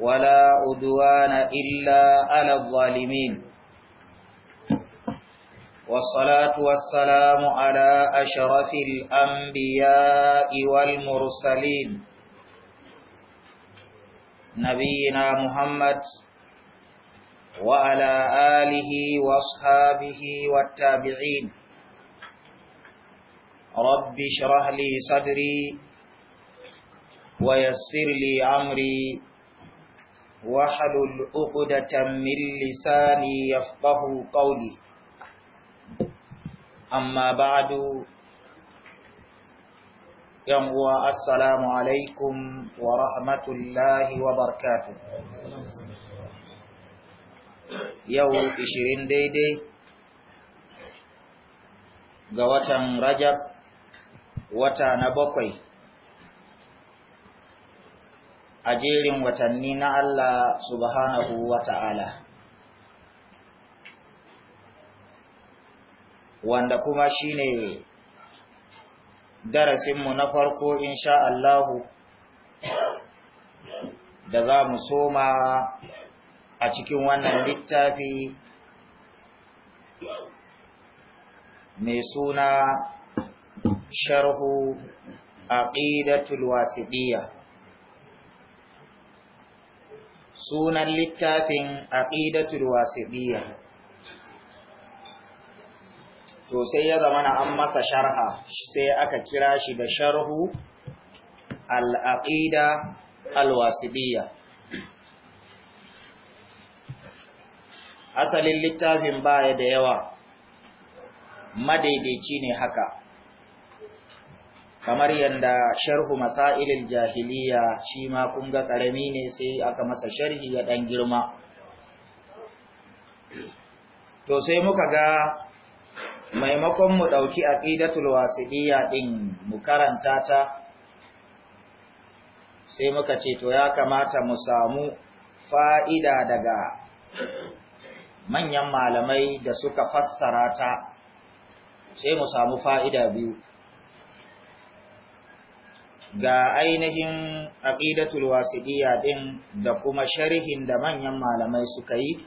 ولا عدوان إلا على الظالمين والصلاة والسلام على أشرف الأنبياء والمرسلين نبينا محمد وعلى آله واصحابه والتابعين رب اشرح لي صدري ويسر لي أمري واحلل عقدة من لساني يفقه قولي أما بعد يمغوى السلام عليكم ورحمة الله وبركاته يو إشرين ديدي قوة رجب وتانا بقي a jerin watanni na Allah subhanahu wa ta'ala. Wanda kuma shi ne darasinmu na farko insha Allahu da za mu soma a cikin wannan littafi mai suna sharhu aqidatul wasiɗiyya. sunan littafin aqidatul wasiqiyya to sai ya zama na an masa sharha sai aka kira shi da sharhu al-aqida al-wasiqiyya asalin littafin baya da yawa madaidaici ne haka kamar yanda sharhu masailil jahiliya shi ma kun ga karami ne sai aka masa sharhi ya dan girma to sai muka ga maimakon mu dauki aqidatul wasidiyya ɗin mu karanta ta sai muka ce to ya kamata mu samu fa'ida daga manyan malamai da suka fassara ta sai mu samu fa'ida biyu ga ainihin aqidatul wasidiyya din da kuma sharhin da manyan malamai suka yi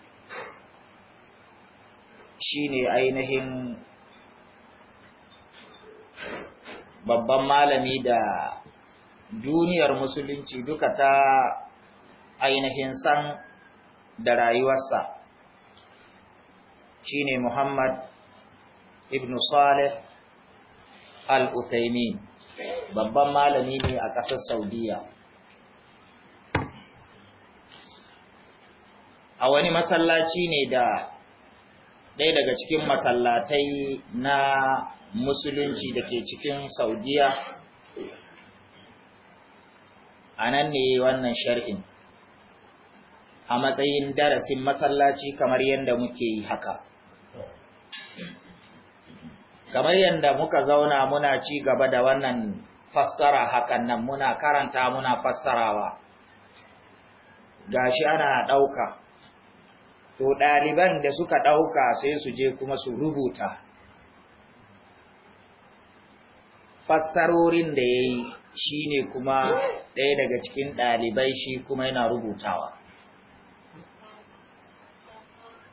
shine ainihin babban malami da duniyar musulunci duka ta ainihin san da rayuwarsa shine Muhammad ibn Saleh al-Uthaymeen babban malami ne a ƙasar saudiya a wani masallaci ne da ɗaya daga cikin masallatai na musulunci da ke cikin saudiya a nan ne wannan shar'in a matsayin darasin masallaci kamar yadda muke yi haka kamar yadda muka zauna muna ci gaba da wannan fassara hakan nan muna karanta muna fassarawa gashi ana ɗauka to ɗaliban da suka ɗauka sai su je kuma su rubuta fassarorin da ya yi shi ne kuma ɗaya daga cikin ɗalibai shi kuma yana rubutawa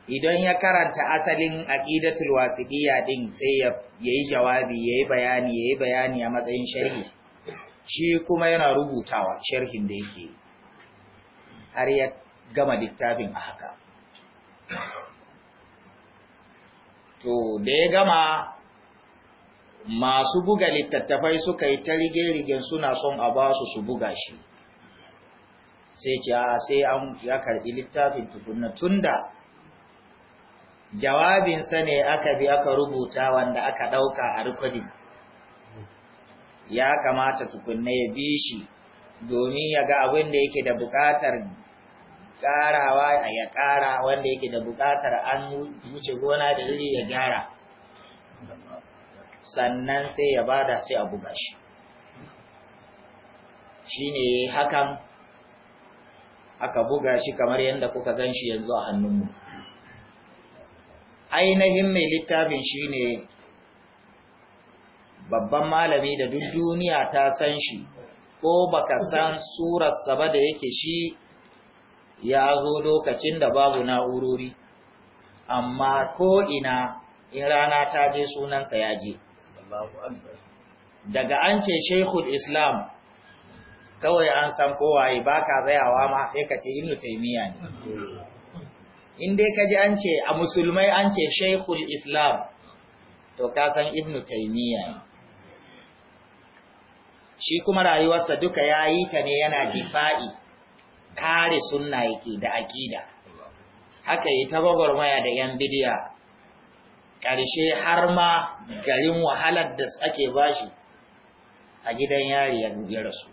idan ya karanta asalin aqidatul wasiqiyya din sai ya yi jawabi yayi bayani yayi bayani a matsayin sharhi shi kuma yana rubutawa sharhin da yake har ya gama littafin a haka to da ya gama masu buga littattafai suka yi ta rige-rigen suna son a ba su su buga shi sai ce a sai an ya karbi littafin tukunna tunda jawabinsa ne aka bi aka rubuta wanda aka ɗauka a rikodin ya kamata tukunne ya bi shi domin ya ga abin da yake da buƙatar karawa ya ƙara wanda yake da buƙatar an wuce gona da iri ya gyara sannan sai ya bada sai a buga shi shi ne hakan aka buga shi kamar yadda kuka gan shi yanzu a hannunmu ainihin mai littafin shi ne babban malami da duk duniya ta san shi ko baka san surarsa saba da yake shi ya zo lokacin da babu na'urori amma ko ina in rana ta je sunansa ya je daga an ce shaikhul islam kawai an san kowaye ba ka zayawa ma sai ka ce ibnu taimiyya ne in dai ka ji an ce a musulmai an ce shaikhul islam to ka san ibnu taimiyya ne shi kuma rayuwarsa duka ya yi ta ne yana difa'i kare sunna yake da aƙida haka yi ta maya da yan bidiya ƙarshe har ma garin wahalar da ake bashi a gidan yari ya rasu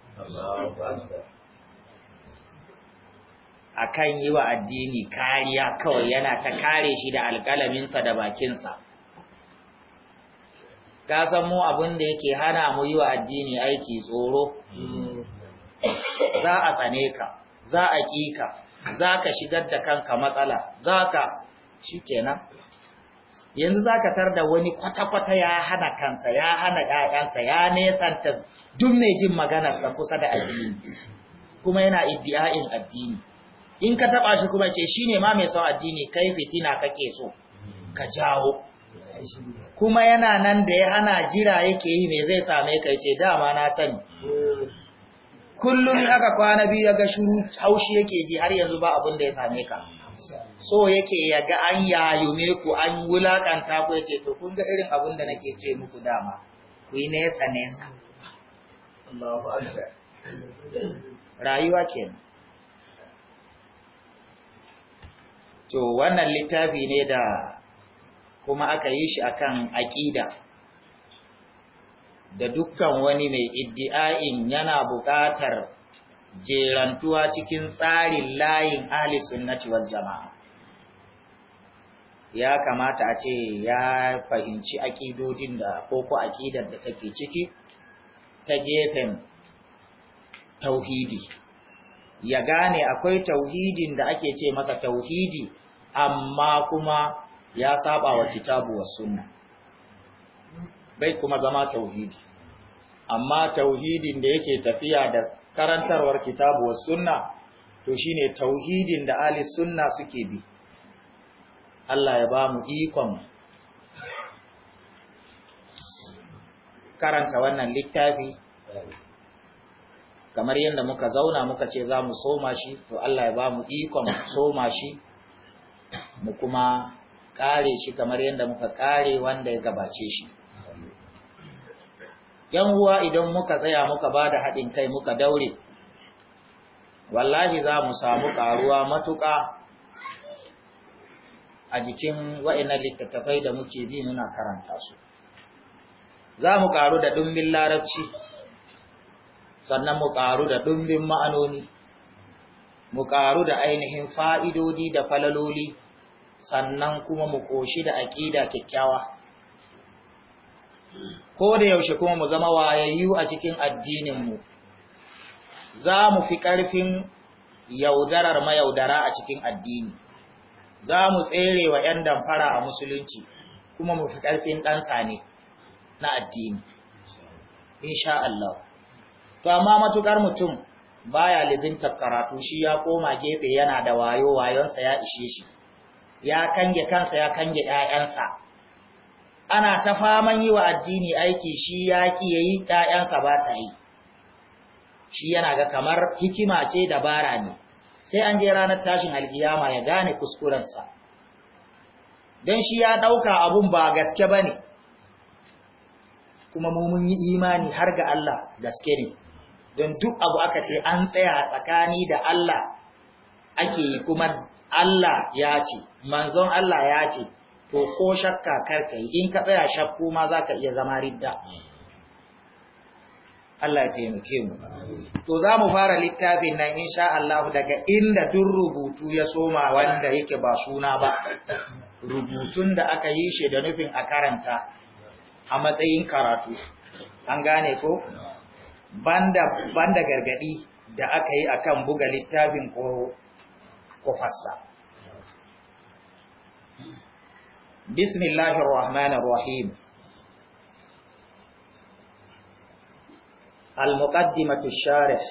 a kan yi wa addini kariya kawai yana ta kare shi da alƙalaminsa da bakinsa ka san mu abin da yake hana mu yi wa addini aiki tsoro za a tsane ka za a ki ka za ka shigar da kanka matsala za ka shi kenan yanzu za ka tar da wani kwata-kwata ya hana kansa ya hana ‘ya'yansa ya nesanta duk mai jin maganarsa kusa da addini kuma yana iddi'a'in addini in ka taɓa shi kuma ce shi ne ma mai son addini kai fitina kake so ka jawo kuma yana nan da ya ana jira yake yi mai zai same kai ce dama na sani kullum aka kwana biyu ya ga shuru haushi yake ji har yanzu ba abin da ya same ka so yake ya ga an yayume ku an wulakanta ku ce, to kun ga irin abin da nake ce muku dama ku yi nesa nesa rayuwa kenan to wannan littafi ne da kuma aka yi shi akan aƙida da dukkan wani mai iddi'ain yana buƙatar jerantuwa cikin tsarin layin ahli sunnati wal jama'a ya kamata a ce ya fahimci aƙidodin da koko aƙidar da take ciki ta gefen tauhidi ya gane akwai tauhidin da ake ce masa tauhidi amma kuma ya saba wa kitabu wa sunna bai kuma zama tauhidi amma tauhidin da yake tafiya da karantarwar kitabu wa sunna to shine tauhidin da ahli sunna suke bi Allah ya ba mu ikon karanta wannan littafi kamar yadda muka zauna muka ce za mu soma shi to Allah ya ba mu ikon soma shi mu kuma kare shi kamar yadda muka kare wanda ya gabace shi yan uwa idan muka tsaya muka ba da haɗin kai muka daure wallahi za mu samu ƙaruwa matuƙa a jikin wa'inan littattafai da muke bi muna karanta su za mu ƙaru da ɗumbin larabci sannan mu ƙaru da ɗumbin ma'anoni mu ƙaru da ainihin fa'idodi da falaloli sannan kuma mu koshi da aƙida kyakkyawa ko da yaushe kuma mu zama wayayyu a cikin addininmu za mu fi ƙarfin yaudarar mayaudara a cikin addini za mu tsere wa 'yan damfara a musulunci kuma mu fi ƙarfin ɗansa ne na addini insha Allah to amma matukar mutum baya lizintar karatu shi ya koma gefe yana da wayo wayonsa ya ishe shi ya kange kansa ya kange ‘ya'yansa ana ta faman yi wa addini aiki shi ya ki yayi ‘ya'yansa ba sa yi shi yana ga kamar hikima ce dabara ne sai an je ranar tashin alkiyama ya gane kuskurensa don shi ya ɗauka abun ba gaske ba ne kuma mun yi imani har ga Allah gaske ne don duk abu aka ce an tsaya tsakani da Allah ake yi kuma Allah ya ce manzon Allah ya ce to ko shakka karka yi in ka tsaya shakku ma za ka iya zama ridda Allah ya taimake mu to za mu fara littafin nan insha Allah daga inda duk rubutu ya soma wanda yake ba suna ba rubutun da aka yi shi da nufin a karanta a matsayin karatu an gane ko banda banda gargadi da aka yi akan buga littafin ko kofarsa bismillahir rahmanir rahim al-muqaddimatu sharih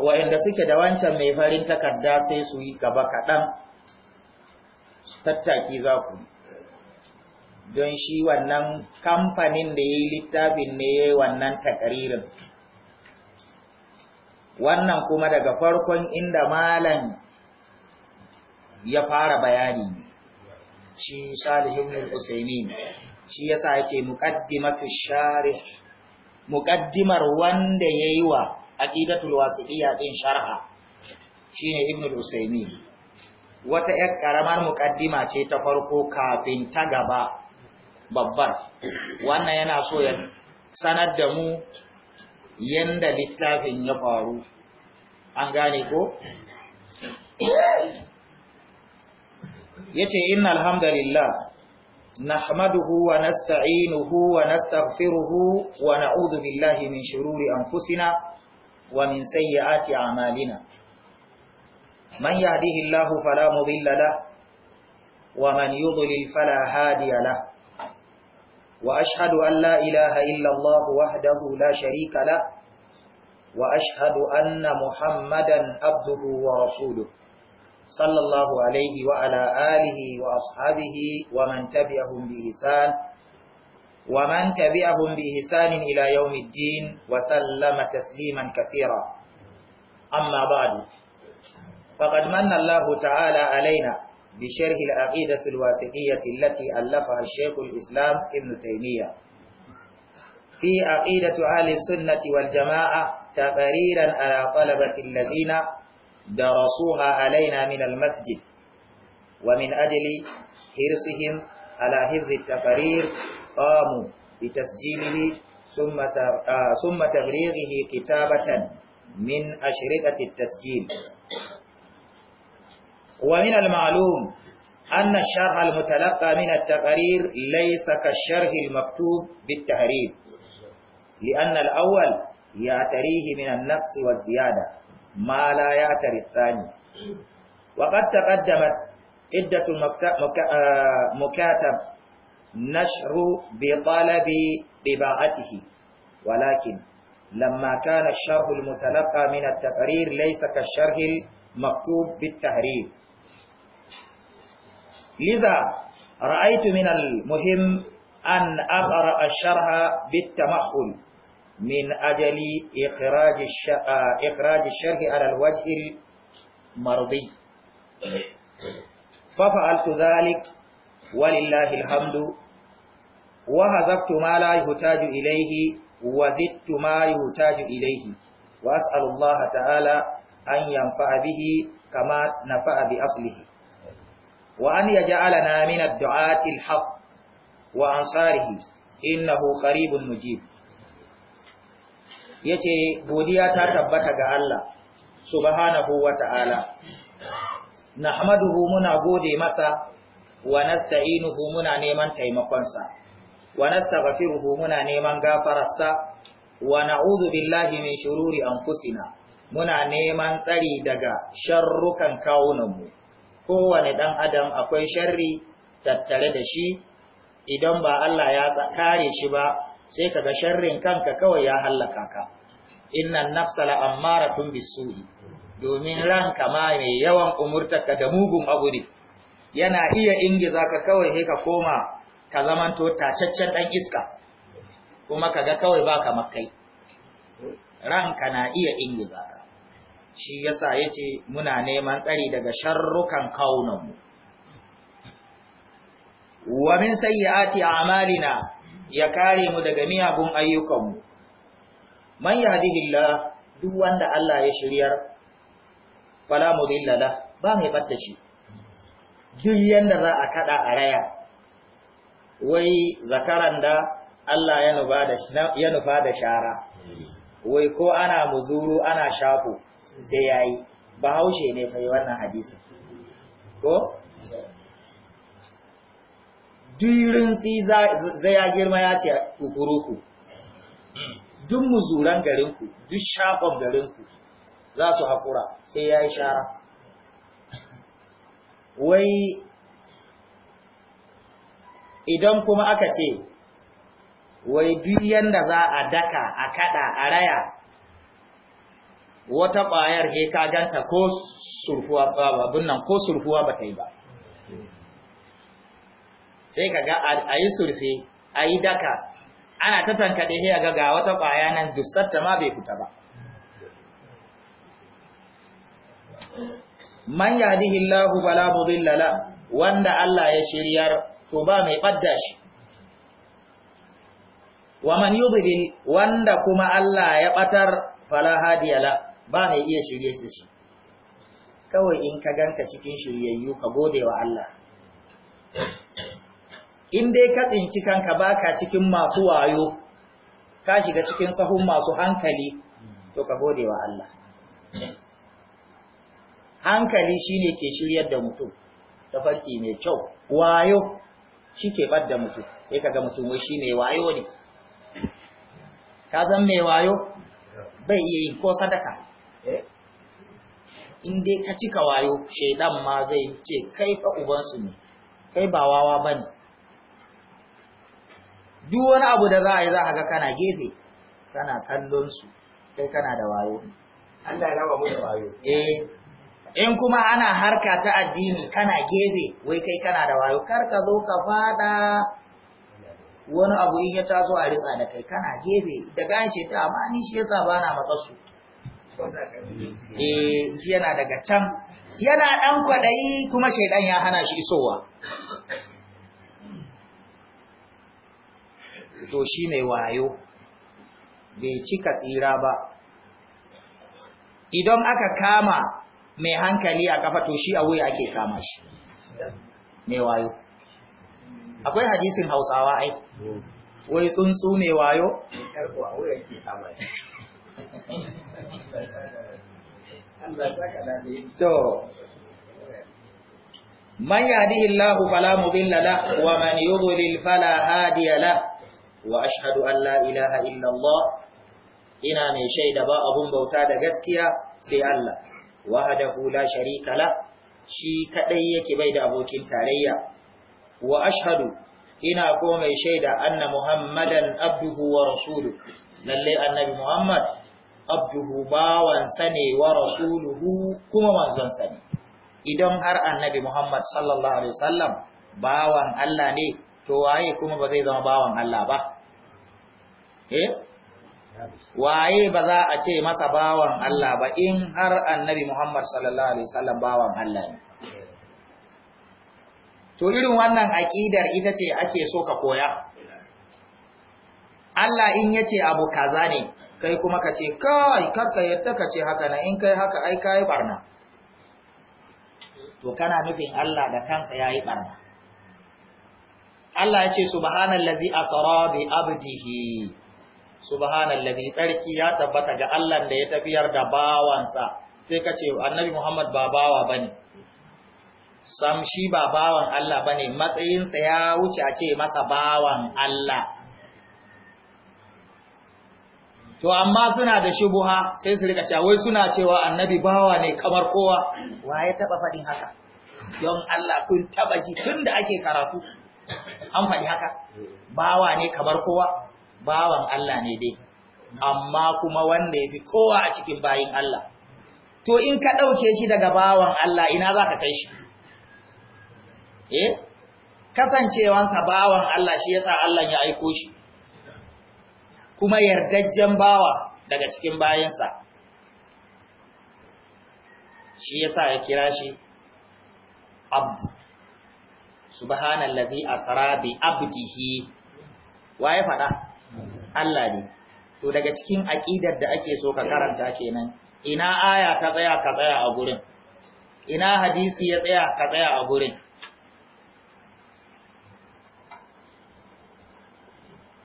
wa'inda suke da wancan mai farin takarda sai su yi gaba kaɗan tattaki za ku don shi wannan kamfanin da ya yi littafin ne ya yi wannan takaririn wannan kuma daga farkon inda malam ya fara bayani shi salihun al-usaimin shi yasa yake muqaddimatu sharih muqaddimar wanda yayi wa aqidatul wasiqiyya din sharha shine ibn al wata yar karamar muqaddima ce ta farko kafin ta gaba babbar wannan yana so ya sanar da mu yanda littafin ya faru an gane ko yace innal hamdalillah nahmaduhu wa nasta'inuhu wa nastaghfiruhu wa na'udhu billahi min shururi anfusina wa min sayyiati a'malina man yahdihillahu fala mudilla lahu wa man yudlil fala hadiya lahu وأشهد أن لا إله إلا الله وحده لا شريك له وأشهد أن محمدا عبده ورسوله صلى الله عليه وعلى آله وأصحابه ومن تبعهم بإحسان ومن تبعهم بإحسان إلى يوم الدين وسلم تسليما كثيرا أما بعد فقد من الله تعالى علينا بشرح العقيدة الواثقية التي ألفها الشيخ الإسلام ابن تيمية في عقيدة أهل السنة والجماعة تقريرا على طلبة الذين درسوها علينا من المسجد ومن أجل حرصهم على حفظ التقرير قاموا بتسجيله ثم تغريغه كتابة من أشرطة التسجيل ومن المعلوم أن الشرح المتلقى من التقارير ليس كالشرح المكتوب بالتهريب لأن الأول يعتريه من النقص والزيادة ما لا يعتري الثاني وقد تقدمت عدة آه، مكاتب نشر بطلب بباعته ولكن لما كان الشرح المتلقى من التقرير ليس كالشرح المكتوب بالتهريب لذا رأيت من المهم أن أقرأ الشرح بالتمخل من أجل إخراج, آه، إخراج الشرح على الوجه المرضي ففعلت ذلك ولله الحمد وهذبت ما لا يحتاج إليه وزدت ما يحتاج إليه وأسأل الله تعالى أن ينفع به كما نفع بأصله wa an yaj'alana min ad-du'ati al-haq wa ansarihi innahu qaribun mujib yace godiya ta tabbata ga Allah subhanahu wa ta'ala nahmaduhu muna gode masa wa nasta'inuhu muna neman taimakonsa wa nastaghfiruhu muna neman gafararsa wa na'udhu billahi min shururi anfusina muna neman tsari daga sharrukan kawunanmu kowane ɗan adam akwai sharri tattare da shi idan ba Allah ya kare shi ba sai kaga sharrin kanka kawai ya hallaka ka innan nafsala la'ammaratun bisu'i domin ranka ma mai yawan umurtaka da mugun abu ne yana iya ingiza ka kawai sai ka koma ka zamanto tacaccen ɗan iska kuma kaga kawai baka makai ranka na iya ingiza ka shi yasa yace muna neman tsari daga sharrukan kaunanmu wa min sayyiati a'malina ya kare mu daga miyagun ayyukanmu man yahdihillah duk wanda Allah ya shiryar fala mudilla ba mai batta shi duk yanda za a kada a raya wai zakaran da Allah ya nufa da shara wai ko ana muzuru ana shafo sai ya yi bahaushe ne fa yi wannan hadisi ko dirin tsi zai ya girma ya ce kukuruku duk muzuran garinku duk garin garinku za su haƙura sai ya yi shara wai idan kuma aka ce wai duk yanda za a daka a kada a raya wata ƙwayar he ka ganta ko surfuwa ba nan ko surfuwa ba ta yi ba sai ka ga a yi surfe a yi daka ana ta tankaɗe he ga ga wata ƙwaya nan dusarta ma bai fita ba man yahdihillahu bala mudilla wanda Allah ya shiryar to ba mai ɓadda shi wa man yudhil wanda kuma Allah ya batar fala hadiyala ba mai iya shirye da shi kawai in ka ganka cikin shiryayyu ka gode wa Allah in dai ka tsinci kanka ka cikin masu wayo ka shiga cikin sahun masu hankali to ka gode wa Allah hankali shine ke shiryar da mutum ta farki mai kyau wayo shi ke ɓadda mutum sai kaga mutum wai shi mai wayo ne ka zan mai wayo bai iya yin ko sadaka Eh? in dai ka cika wayo shaidan ma zai ce kai fa ubansu ne kai ba wawa ba ne duk wani abu da za a yi za a ga kana gefe kana kallon su kai kana da wayo Allah ya raba mu da wayo eh in kuma ana harka ta addini kana gefe wai kai kana da wayo kar ka zo ka fada wani abu in ya taso a ritsa da kai kana gefe da gane ce ta amma ni shi yasa bana matsa su E, shi yana daga can yana ɗan kwaɗayi kuma shaidan ya hana shi isowa to shi mai wayo bai cika tsira ba idan aka kama mai hankali a kafa to shi a wuya ake kama shi mai wayo akwai hadisin hausawa ai wai tsuntsu mai wayo to man yahdihillahu fala mudilla la wa man yudlil fala hadiya la wa ashhadu an la ilaha illa Allah ina mai shaida ba abun bauta da gaskiya sai Allah wahdahu la sharika la shi kadai yake bai da abokin tarayya wa ashhadu ina ko mai shaida anna muhammadan abduhu wa rasuluhu lalle annabi muhammad abduhu bawansa sane wa rasuluhu kuma manzonsa sane idan har annabi Muhammad sallallahu alaihi wasallam bawan Allah ne to waye kuma ba zai zama bawan Allah ba eh waye ba za a ce masa bawan Allah ba in har annabi Muhammad sallallahu alaihi wasallam bawan Allah ne to irin wannan aqidar ita ce ake so ka koya Allah in yace abu kaza ne kai kuma ka ce kai karka yadda ka ce haka na in kai haka ai ka yi barna to kana nufin Allah da kansa ya yi barna Allah ya ce subhanallazi asra bi abdihi subhanallazi tsarki ya tabbata ga Allah da ya tafiyar da bawansa sai ka ce annabi Muhammad ba bawa bane sam shi ba bawan Allah bane matsayinsa ya wuce a ce masa bawan Allah to amma suna da shubuha sai su rika cewa suna cewa annabi bawa ne kamar kowa waye taba fadin haka don Allah kun taba ji tunda ake karatu an fadi haka bawa ne kamar kowa bawan Allah ne dai amma kuma wanda yafi kowa a cikin bayin Allah to in ka dauke shi daga bawan Allah ina zaka kai shi eh kasancewansa bawan Allah shi yasa Allah ya aiko shi kuma yardajjen bawa daga cikin bayansa shi yasa ya kira shi abdu subhanallazi asra bi abdihi waye fada Allah ne to daga cikin aqidar da ake so ka karanta kenan ina aya ta tsaya ka tsaya a gurin ina hadisi ya tsaya ka tsaya a gurin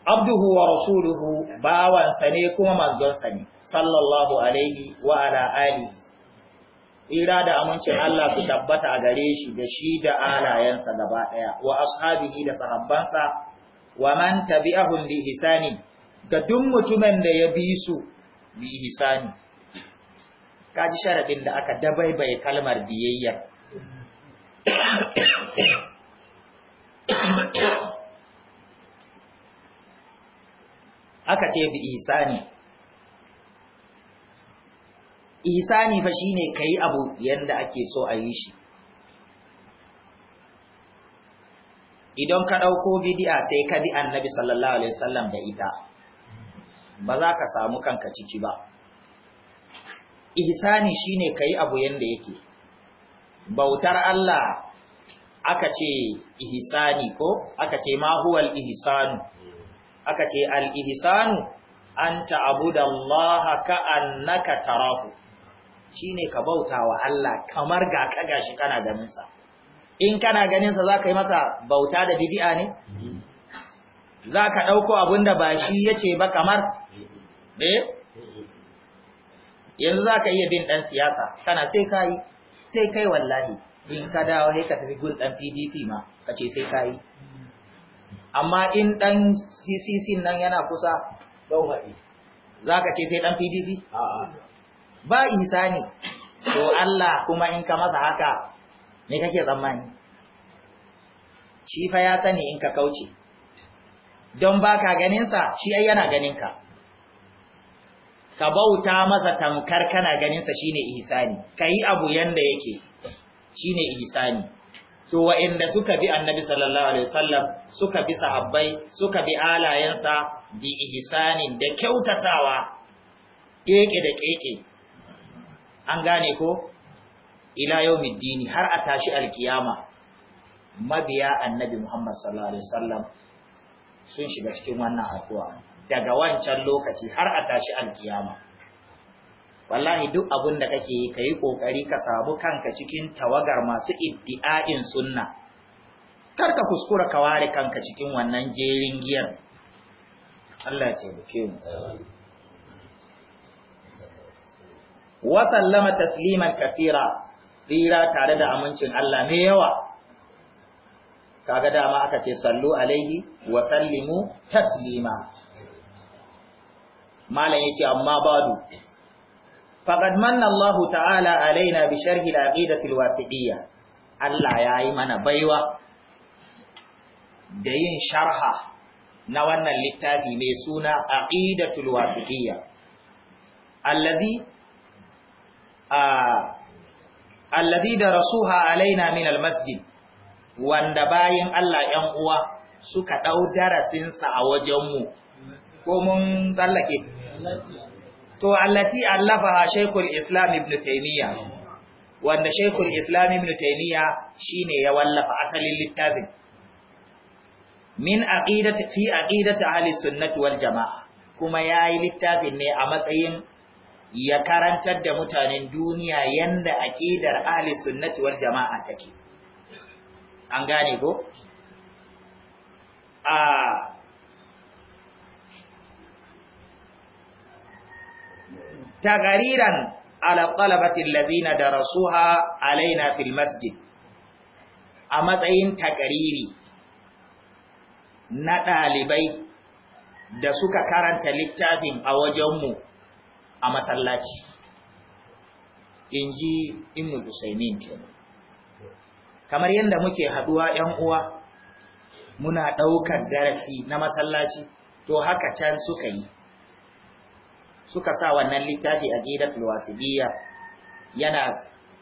abduhu wa rasuluhu bawansa ne kuma manzonsa ne sallallahu alaihi wa ala alihi tsira da amincin Allah su tabbata a gare shi da shi da alayensa gaba daya wa ashabihi da sahabbansa wa man tabi'ahum bi ihsani ga duk mutumin da ya bi su bi Ka ji sharadin da aka dabaibaye kalmar biyayyar aka ce bi ihsani ihsani fa shine kai abu yanda ake so a yi shi idan ka dauko bid'a sai ka bi annabi sallallahu alaihi wasallam da ita ba za ka samu kanka ciki ba ihsani shine kai abu yanda yake bautar Allah aka ce ihsani ko aka ce ma huwal ihsanu aka ce al-ihsanu an ta'budallaha ka'annaka tarahu shine ka bauta wa Allah kamar ga ka gashi kana ganin in kana ganinsa sa zaka yi masa bauta da bid'a ne zaka dauko abinda ba shi yace ba kamar eh yanzu zaka iya bin ɗan siyasa kana sai kai sai kai wallahi in ka dawo sai ka tafi gun PDP ma kace sai kai amma in ɗan ccc nan yana kusa za ka ce sai ɗan pdp ba ne. to Allah kuma in ka masa haka me kake tsammani shi fa ya sani in ka kauce don ba ka ganinsa shi ai yana ganinka ka bauta masa tamkar kana ganinsa shine ihsani ka abu yanda yake shine ihsani to wa'inda suka bi annabi sallallahu alaihi wasallam suka bi sahabbai suka bi alayensa bi ihsanin da kyautatawa keke da keke an gane ko ila yawmiddini har a tashi alkiyama mabiya annabi Muhammad sallallahu alaihi wasallam sun shiga cikin wannan addu'a daga wancan lokaci har a tashi alkiyama wallahi duk abin da kake yi kayi kokari ka samu kanka cikin tawagar masu iddi'a'in sunna kar ka kuskura ka ware kanka cikin wannan jerin giyar Allah ya taimake mu wa sallama tasliman kaseera tsira tare da amincin Allah ne yawa kaga dama aka ce sallu alaihi wa sallimu taslima malam yace amma badu Faƙad manna Allah ta'ala alaina bi sharhi al-aqidati al Allah ya yayi mana baiwa da yin sharha na wannan littafi mai suna aqidatul wasitiyya allazi allazi darasuha alaina min al-masjid wanda bayin Allah ‘yan uwa suka ɗau darasinsa a wajenmu, ko mun tsallake? to allati allafaha shaykhul islam ibn taymiya wanda shaykhul islam ibn taymiya shine ya wallafa asalin littafin min aqidati fi aqidati ahli sunnati wal jamaa kuma yayi littafin ne a matsayin ya karantar da mutanen duniya yanda aqidar ahli sunnati wal jamaa take an gane ko a ah, tagariran ala lazina da rasuha alaina fil masjid a matsayin tagariri na ɗalibai da suka karanta littafin a wajenmu a masallaci in ji inu kenan kamar yadda muke haduwa ‘yan uwa’ muna ɗaukar darasi na masallaci to haka can suka yi suka sa wannan littafi a gidan wasiliya yana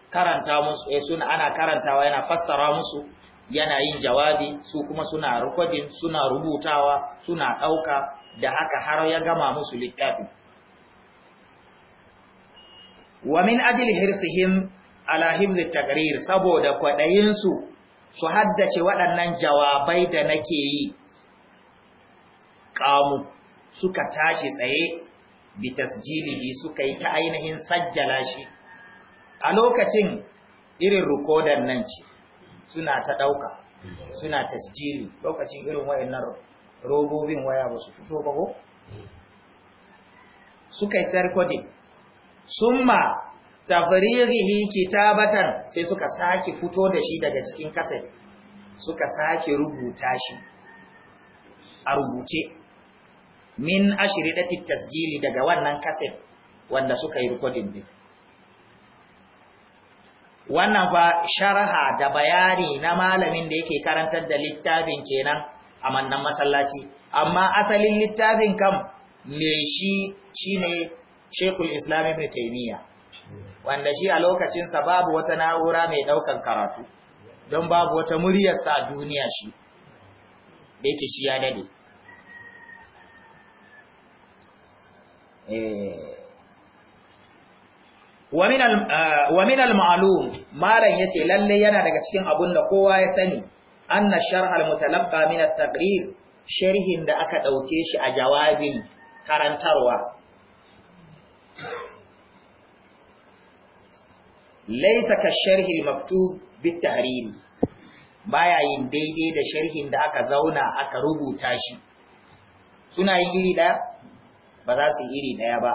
karanta musu eh suna ana karantawa yana fassara musu yana yin jawabi su kuma suna recording suna rubutawa suna dauka da haka har ya gama musu littafi. wa min ajli hirsihim ala himzi taqrir saboda kwadayin su su haddace waɗannan jawabai da nake yi kamu suka tashi tsaye bi tasjilihi suka yi ta ainihin sajjala shi a lokacin irin rukodan nan ce suna ta ɗauka suna tasjili lokacin irin wayannan robobin waya ba su fito ba ko suka yi tarkodin summa tafririhi kitabatan sai suka sake fito da shi daga cikin kasai suka sake rubuta shi a rubuce min ashiri ashiridati tasjili daga wannan kaset wanda suka yi recording din wannan fa sharaha da bayani na malamin da yake karantar da littafin kenan a mannan masallaci amma asalin littafin kam me shi shine Sheikhul Islam Ibn Taymiyyah wanda shi a lokacinsa babu wata na'ura mai daukan karatu don babu wata muryarsa a duniya shi da yake shi ya dade Eh. wa min al-ma'lum eh, malan yace lalle yana daga cikin abun da kowa ya sani anna sharh al-mutalaqqa min at-taqrir sharhin da aka dauke shi a jawabin karantarwa laysa ka sharh al-maktub bi tahrim baya yin daidai da sharhin da aka zauna aka rubuta shi suna yin iri ba za su iri ɗaya ba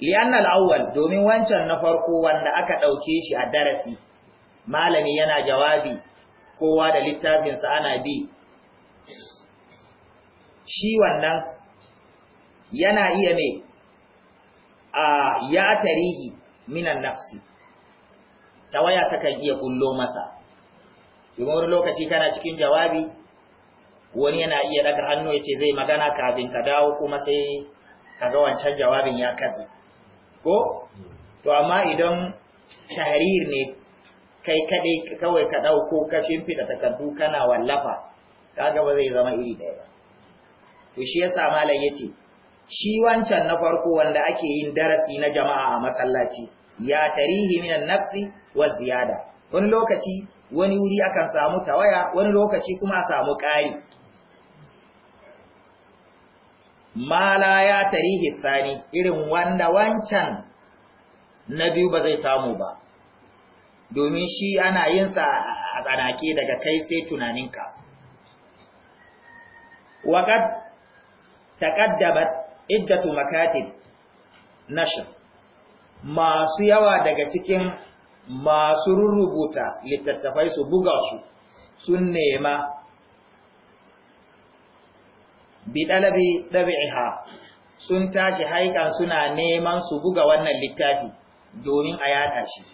Li'annan awwal domin wancan na farko wanda aka ɗauke shi a darasi malami yana jawabi kowa da littafinsa ana bi shi wannan yana iya mai a ya tarihi minan nafsi tawaya takan iya kullo masa domin lokaci kana cikin jawabi wani yana iya daga hannu ya ce zai magana kafin ka dawo kuma sai ka ga wancan jawabin ya karbi ko to amma idan tahrir ne kai kaɗai kawai ka ɗauko ka shimfida takardu kana wallafa kaga ba zai zama iri ɗaya ba to shi yasa malam yace shi wancan na farko wanda ake yin darasi na jama'a a masallaci ya tarihi minan nafsi wa ziyada wani lokaci wani wuri akan samu tawaya wani lokaci kuma a samu ƙari mala ya tarihi tsani irin wanda wancan na biyu ba zai samu ba domin shi ana yinsa a tsanake daga kai sai tunaninka waƙad taƙaddabat iddatu makatib nashr masu yawa daga cikin masu rubuta littattafai su buga su sun nema bi dalabi dabi'iha sun tashi haikan suna neman su buga wannan littafi domin a yada shi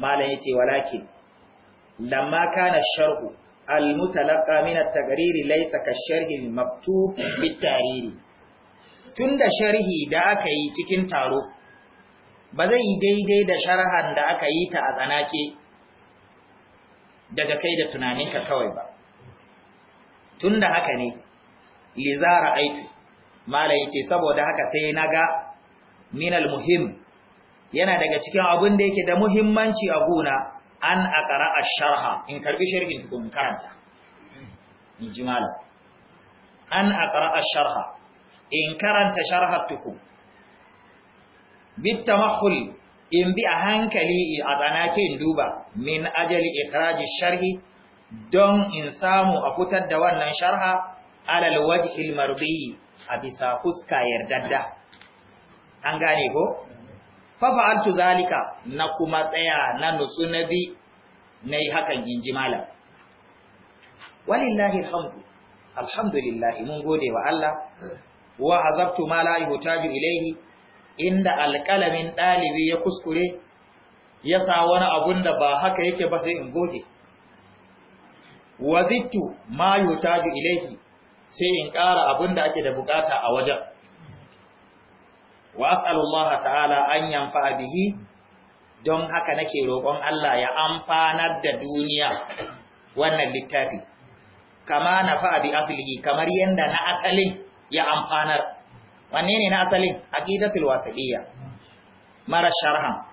malam yace walakin lamma kana sharhu almutalaqa min at-taqrir laysa ka-sharhi maktub bit-tariri tunda sharhi da aka yi cikin taro ba zai yi daidai da sharhan da aka yi ta a tsanake daga kai da tunaninka kawai ba Tun da haka ne lizara aitu mala yace saboda haka sai naga minal muhim yana daga cikin abin da yake da muhimmanci a guna an aqra sharha in karbi sharhin tukun karanta in ji mala an aqra sharha in karanta sharha tukun bitta tamahhul in bi a hankali a tsanake duba min ajali ikraji sharhi don in samu a fitar da wannan sharha alal wajhil mardi a bisa fuska yardadda an gane ko fa fa'altu zalika na kuma tsaya na nutsu nabi nayi hakan inji malam walillahi alhamdu alhamdulillah mun gode wa Allah wa azabtu ma la ilayhi inda alqalamin dalibi ya kuskure ya sa wani abun da ba haka yake ba sai in gode wa zittu ma yutaju ilaihi sai in ƙara abin da ake da bukata a wajen wa as'alullah ta'ala an yanfa bihi don haka nake roƙon Allah ya amfanar da duniya wannan littafi kama nafa bi aslihi kamar yanda na asalin ya amfanar wanne ne na asalin aqidatul wasiliyya mara sharhan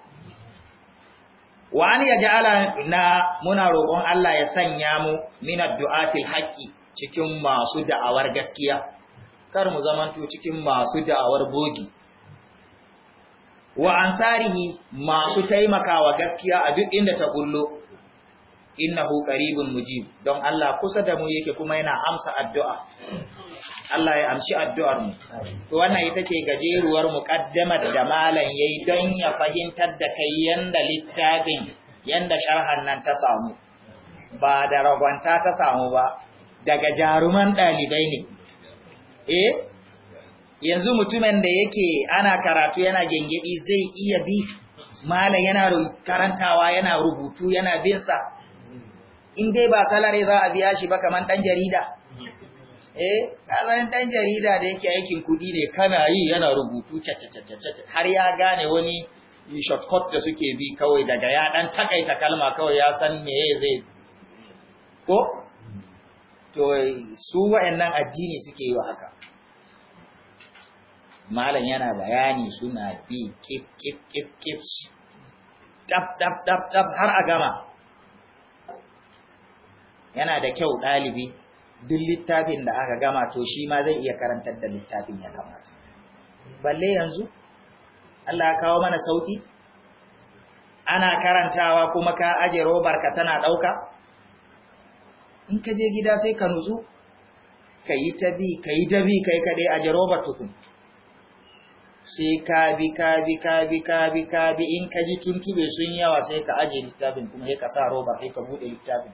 wa an ja'ala na muna roƙon Allah ya sanya mu min addu'atil haqqi cikin masu da'awar gaskiya kar mu zamanto cikin masu da'awar bogi wa ansarihi masu taimakawa gaskiya a duk inda ta gullo innahu qaribun mujib don Allah kusa da mu yake kuma yana amsa addu'a Allah ya amshi addu'ar mu wannan ita ce gajeruwar muqaddamar da malam yayi don ya fahimtar da kai yanda littafin yanda sharhan nan ta samu ba da ragwanta ta samu ba daga jaruman ɗalibai ne eh yanzu mutumin da yake ana karatu yana gengedi zai iya bi malam yana karantawa yana rubutu yana binsa in dai ba salare za a biya shi ba kaman ɗan jarida eh kasan dan jarida da yake aikin kudi ne kana yi yana rubutu har ya gane wani shortcut da suke bi kawai daga ya dan takaita kalma kawai ya san me zai ko to su wa'annan addini suke yi wa haka malam yana bayani suna bi kip kip kip kip tap tap tap tap har a gama yana da kyau ɗalibi duk littafin da aka gama to shi ma zai iya karantar da littafin ya kamata balle yanzu Allah kawo mana sauki ana karantawa kuma ka aje robar ka tana dauka in ka je gida sai ka nutsu ka yi ta bi ka ta bi kai kadai aje robar tukun sai ka bi ka bi ka bi ka bi ka bi in ka ji tuntube sun yawa sai ka aje littafin kuma sai ka sa robar sai ka bude littafin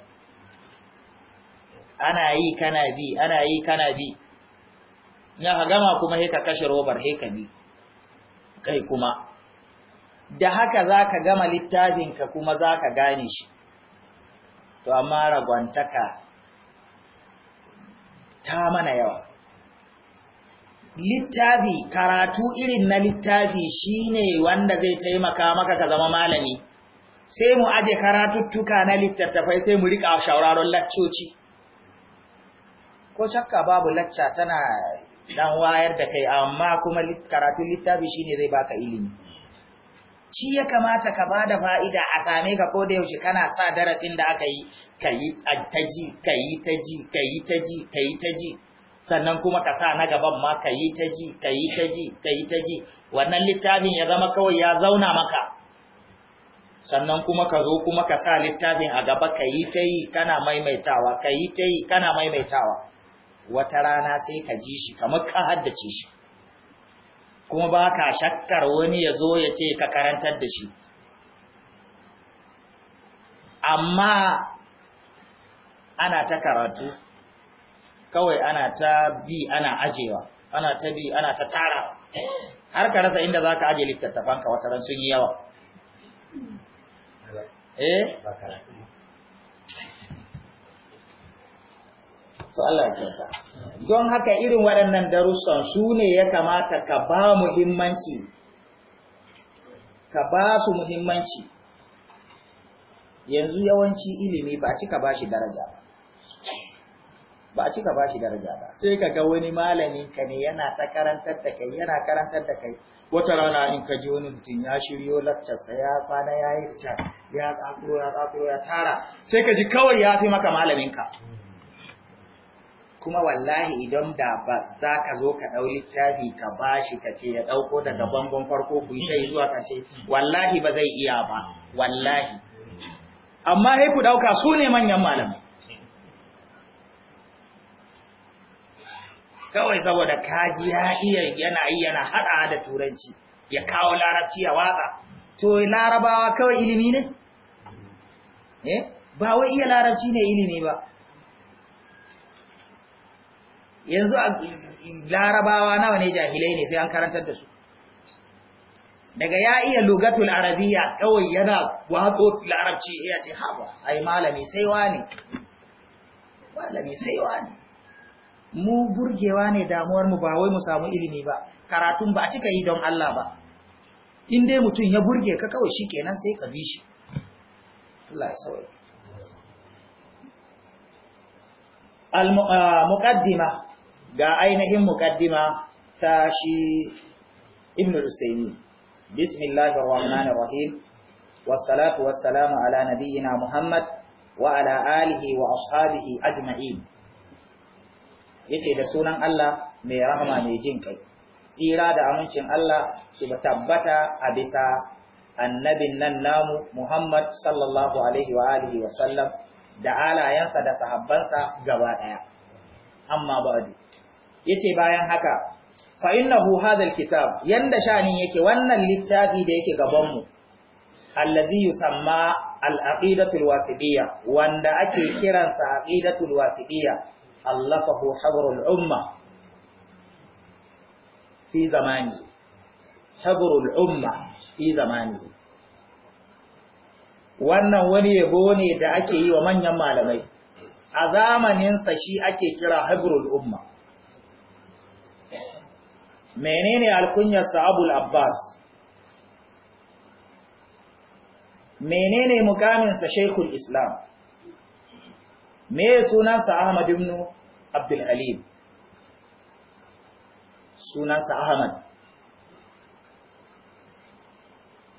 ana yi kana bi ana yi kana bi ya gama kuma heka kashe robar heka bi kai kuma da haka zaka gama littafinka kuma zaka gane shi to amma ragwantaka ta mana yawa littafi karatu irin na littafi shine wanda zai taimaka maka ka zama malami sai mu aje karatuttuka na littattafai sai mu rika shauraron laccoci ko shakka babu lacca tana dan wayar da kai amma kuma karatu littafi shine zai baka ilimi shi ya kamata ka bada fa'ida a same ka ko da yaushe kana sa darasin da aka yi kayi taji kayi taji kayi taji kayi taji sannan kuma ka sa na gaban ma kayi taji kayi taji kayi taji wannan littafin ya zama kawai ya zauna maka sannan kuma ka zo kuma ka sa littafin a gaba ka yi ta yi kana maimaitawa ka yi ta yi kana maimaitawa wata rana sai ka ji shi kamar ka haddace shi kuma ba ka shakkar wani ya zo ya ce ka karantar da shi amma ana ta karatu kawai ana ta bi ana ajewa ana ta bi ana ta tara. har ka rasa inda za ka aje littattafanka wataran sun yi yawa eh to Allah kyauta don haka irin waɗannan darussan su ne ya kamata ka ba muhimmanci ka ba su muhimmanci yanzu yawanci ilimi ba ka ba shi daraja ba ba ka ba shi daraja ba sai ka ga wani malamin ka ne yana ta karantar da kai yana karantar da kai wata rana in ka ji wani mutum ya shiryo lakcar ya kwana ya yi ya kakuro ya kakuro ya tara sai ka ji kawai ya fi maka malamin ka kuma wallahi idan da ba za ka zo ka ɗau littafi ka ba shi ka ce ya ɗauko daga bangon farko ku yi zuwa ƙarshe wallahi ba zai iya ba wallahi amma sai ku ɗauka su ne manyan malamai kawai saboda kaji ya iya yana iya yana haɗa da turanci ya kawo larabci ya watsa to larabawa kawai ilimi ne eh? ba wai iya larabci ne ilimi ba yanzu larabawa nawa ne jahilai ne sai an karantar da su daga ya iya lugatul arabiya kawai yana wato larabci iya ce haba ai malami sai wani malami sai wani mu burgewa ne damuwar mu ba wai mu samu ilimi ba karatun ba cika yi don Allah ba in dai mutum ya burge ka kawai shikenan sai ka bi shi Allah ya sauke al ah, muqaddima ga ainihin mukaddima ta shi ibn Rusaini bismillahir rahmanir rahim wassalatu wassalamu ala nabiyyina Muhammad wa ala alihi wa ashabihi ajma'in yace da sunan Allah mai rahama mai jin kai tsira da amincin Allah su tabbata a bisa annabin nan namu Muhammad sallallahu alaihi wa alihi wa sallam da alayansa da sahabbansa gaba daya amma ba'du yace bayan haka fa innahu hadha alkitab yanda shani yake wannan littafi da yake gaban mu allazi yusamma al-aqidatul wasidiyya wanda ake kiransa aqidatul wasidiyya allafahu habrul umma fi zamani habrul umma fi zamani wannan wani yabo ne da ake yi wa manyan malamai a zamaninsa shi ake kira habrul umma menene alkunyar abul abbas menene mukaminsa shaikhul islam me sunansa ahmad ibn abdul halim sunansa ahmad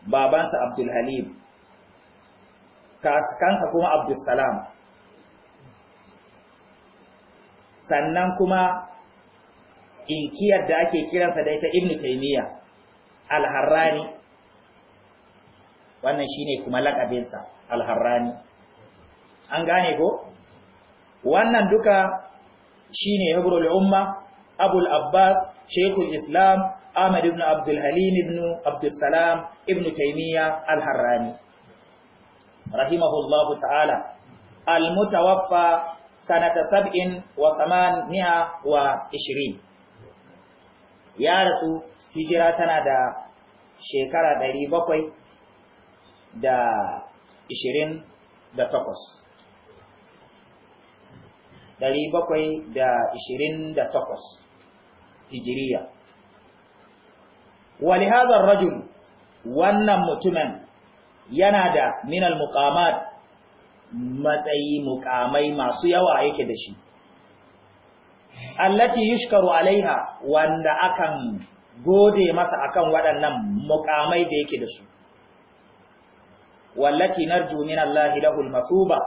babansa abdul halim kansa kuma abdul salam sannan kuma inkiyar da ake kiransa da ita ibn taymiya al-harrani wannan shine kuma lakabinsa al-harrani an gane ko wannan duka shine hibrul umma abul abbas shaykhul islam ahmad ibn abdul halim ibn abdul salam ibn taymiya al-harrani rahimahullahu ta'ala al-mutawaffa sanata sab'in wa 820 ya rasu hijira tana da shekara ɗari bakwai da ishirin da takwas ɗari bakwai da ishirin da takwas hijiriya wali hazar rajul wannan mutumin yana da minal mukamar matsayi mukamai masu yawa yake da shi allati yushkaru alaiha wanda akan gode masa akan waɗannan muƙamai da yake da su wallati narju min Allahi lahul mathuba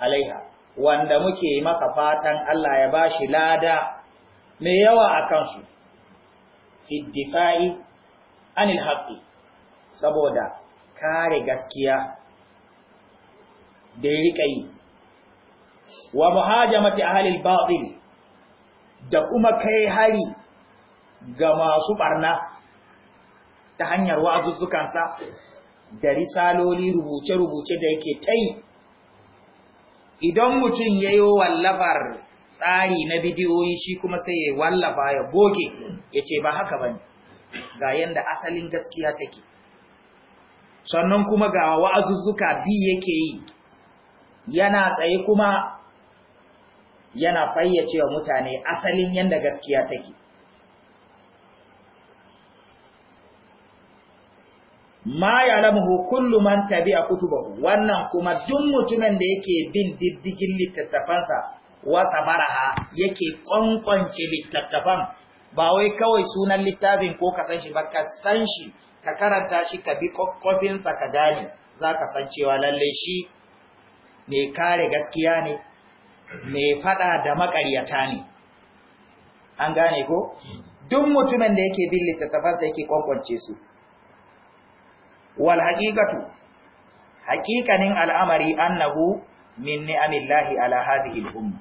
alaiha wanda muke masa fatan Allah ya bashi lada mai yawa akan su fi difa'i anil haqqi saboda kare gaskiya da rika yi wa muhajamati al batil da kuma kai hari ga masu barna ta hanyar wa'azuzzukansa da risaloli rubuce-rubuce da yake tai idan mutum ya yi wallafar tsari na bidiyoyi shi kuma sai ya wallafa ya goge yace ba haka bane ne ga yadda asalin gaskiya take sannan kuma ga wa'azuzzuka bi yake yi yana tsaye kuma yana fayyace wa mutane asalin yadda gaskiya take ma ya'lamuhu kullu man tabi'a kutubahu wannan kuma duk mutumin da yake bin diddigin littattafansa wa sabaraha yake kwankwance littattafan ba wai kawai sunan littafin ko ka san shi ba ka san shi ka karanta shi ka bi sa ka gane zaka san cewa lalle shi mai kare gaskiya ne mai fada da makaryata ne an gane ko duk mutumin da yake bin littattafansa yake kwankwance su wal haqiqatu haqiqanin al'amari annahu min ni'amillahi ala hadhihi al-umma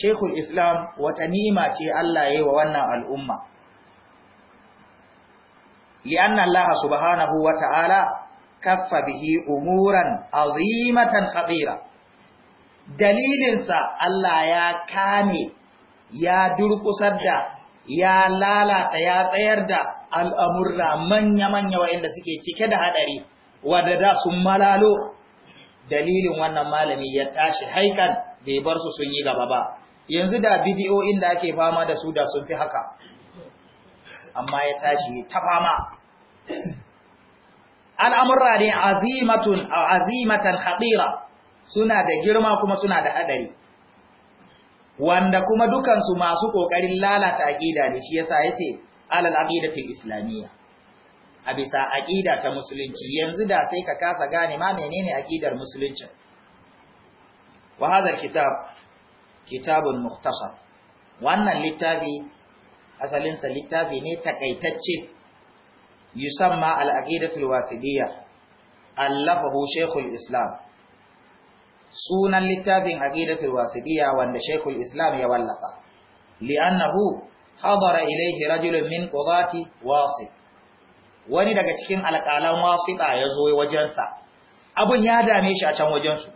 shaykhul islam wata nima ce Allah ya yi wa wannan al'umma li'anna Allah subhanahu wa ta'ala kaffa bihi umuran azimatan khatira dalilinsa Allah ya kame ya durkusar da ya lalata ya tsayar da al'amurra manya-manya wayanda suke cike da haɗari wadda da sun malalo dalilin wannan malami ya tashi haikan bai bar su sun yi gaba ba yanzu da bidiyo da ake fama da su da sun fi haka amma ya tashi ta fama al'amurra ne a azimatan haɗira suna da girma kuma suna da haɗari, wanda kuma dukansu masu ƙoƙarin lalata aƙida ne shi yasa yace alal aqidatul islamiyya a bisa aƙida ta musulunci yanzu da sai ka kasa gane ma menene aƙidar musulunci wa kitab kitabun muktasar wannan littafi asalinsa littafi ne takaitacce يسمى العقيدة aqidatul wasidiyya allafahu shaykhul islam sunan littafin aqidatul wasidiyya wanda shaykhul islam ya wallafa li'annahu hadara ilaihi rajulun min wani daga cikin alƙalan wasiƙa ya zo wajensa abun ya dame shi a can wajensu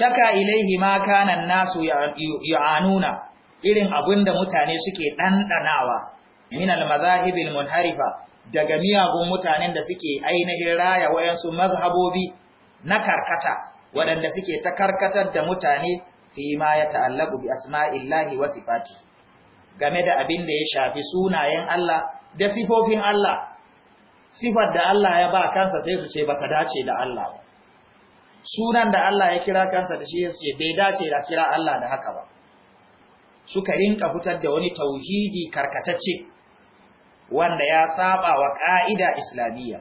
shaka ilaihi ma kanan nasu ya'anuna irin abin da mutane suke ɗanɗanawa min al-mazahib al-munharifa daga miyagun mutanen da suke ainihin raya wayansu mazhabobi na karkata waɗanda suke ta karkatar da mutane fi ma ya ta'allaku bi asma'illahi wa sifati game da abin da ya shafi sunayen Allah da sifofin Allah sifar da Allah ya ba kansa sai su ce baka dace da Allah ba sunan da Allah ya kira kansa da shi su ce bai dace da kira Allah da haka ba suka rinka fitar da wani tauhidi karkatacce wanda ya saba wa ƙa'ida islamiyya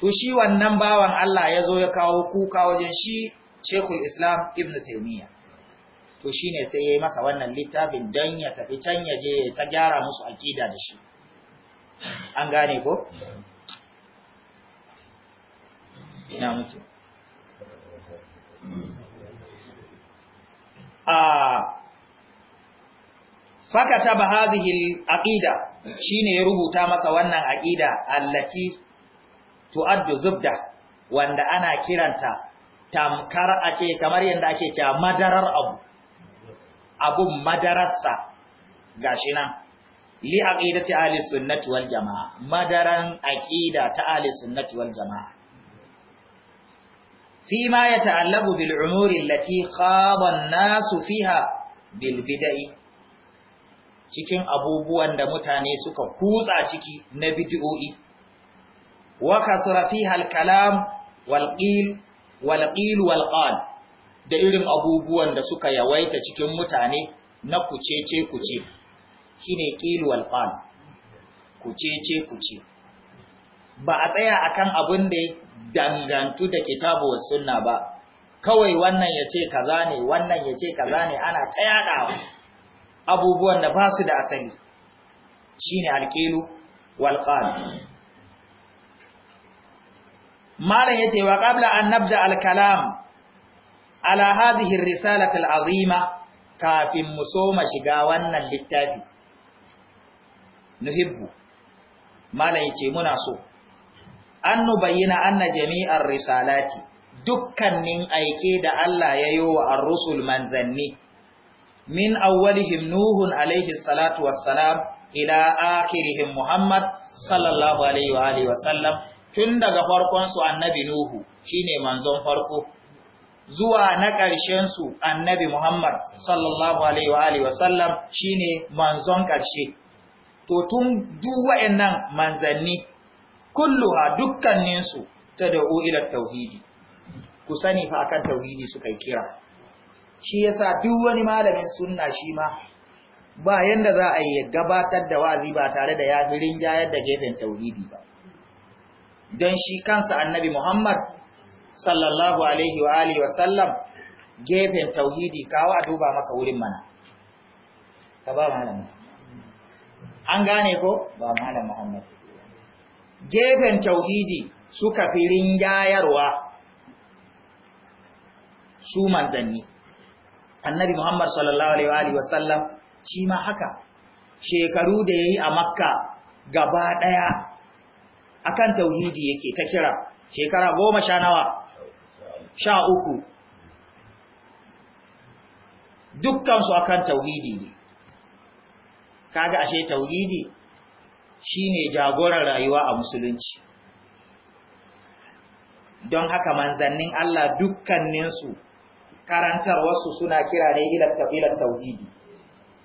to shi wannan bawan Allah ya zo ya kawo kuka wajen shi Sheikhul islam ibn taimiyya to shi sai ya masa wannan littafin dan ya tafi can ya je ta gyara musu aƙida da shi an gane ko? ina mutu a ah, fakata ba hazihil aƙida shine ya rubuta masa wannan aƙida allati tu'addu zubda wanda ana kiranta tamkar a ce kamar yadda ake cewa madarar abu abun madararsa Ga shi nan li aƙida ahli sunnati wal jamaa madaran aqida ta ahli sunnati wal jamaa فيما يتعلق بالأمور التي خاض الناس fiha bilbida'i. cikin abubuwan da mutane suka kutsa ciki na bidiyoyi wa kasura fiha al-kalam wal qil wal qil wal qal da irin abubuwan da suka yawaita cikin mutane na kucece kuce shine qil wal qal kucece kuce ba a tsaya akan abin da ya dangantu da kitabu was sunna ba kawai wannan yace kaza ne wannan yace kaza ne ana ta abubuwan da ba su da asali shine alqilu wal qal malam yace wa qabla an nabda al ala hadhihi risalatul azima kafin mu soma shiga wannan littafi nuhibbu malam ce muna so an bayyana anna jami'ar risalati dukkanin aike da Allah ya yi wa ar manzanni min awwalihim nuhun alaihi salatu wassalam ila akhirihim muhammad sallallahu alaihi wa alihi wasallam tun daga farkon su annabi nuhu shine manzon farko zuwa na ƙarshen su annabi muhammad sallallahu alaihi wa alihi wasallam shine manzon ƙarshe to tun duk wayannan manzanni kulluha dukkaninsu ta da'u ila tauhidi ku sani fa akan tauhidi suka yi kira shi yasa duk wani malamin sunna shi ma ba yanda za a yi gabatar da wazi ba tare da ya rinjayar da gefen tauhidi ba don shi kansa annabi Muhammad sallallahu alaihi wa alihi wa sallam gefen tauhidi kawo a duba maka wurin mana ka ba malamin an gane ko ba malamin Muhammad gefen tauhidi suka fi rinjayarwa su manzanni annabi Muhammad sallallahu alaihi wa sallam shi ma haka shekaru da yayi a Makka gaba daya akan tauhidi yake ta kira shekara goma sha nawa sha uku dukkansu akan tauhidi ne kaga ashe tauhidi shine jagoran rayuwa a musulunci don haka manzannin Allah dukkaninsu karantarwarsu suna kira ne ila tafilar tauhidi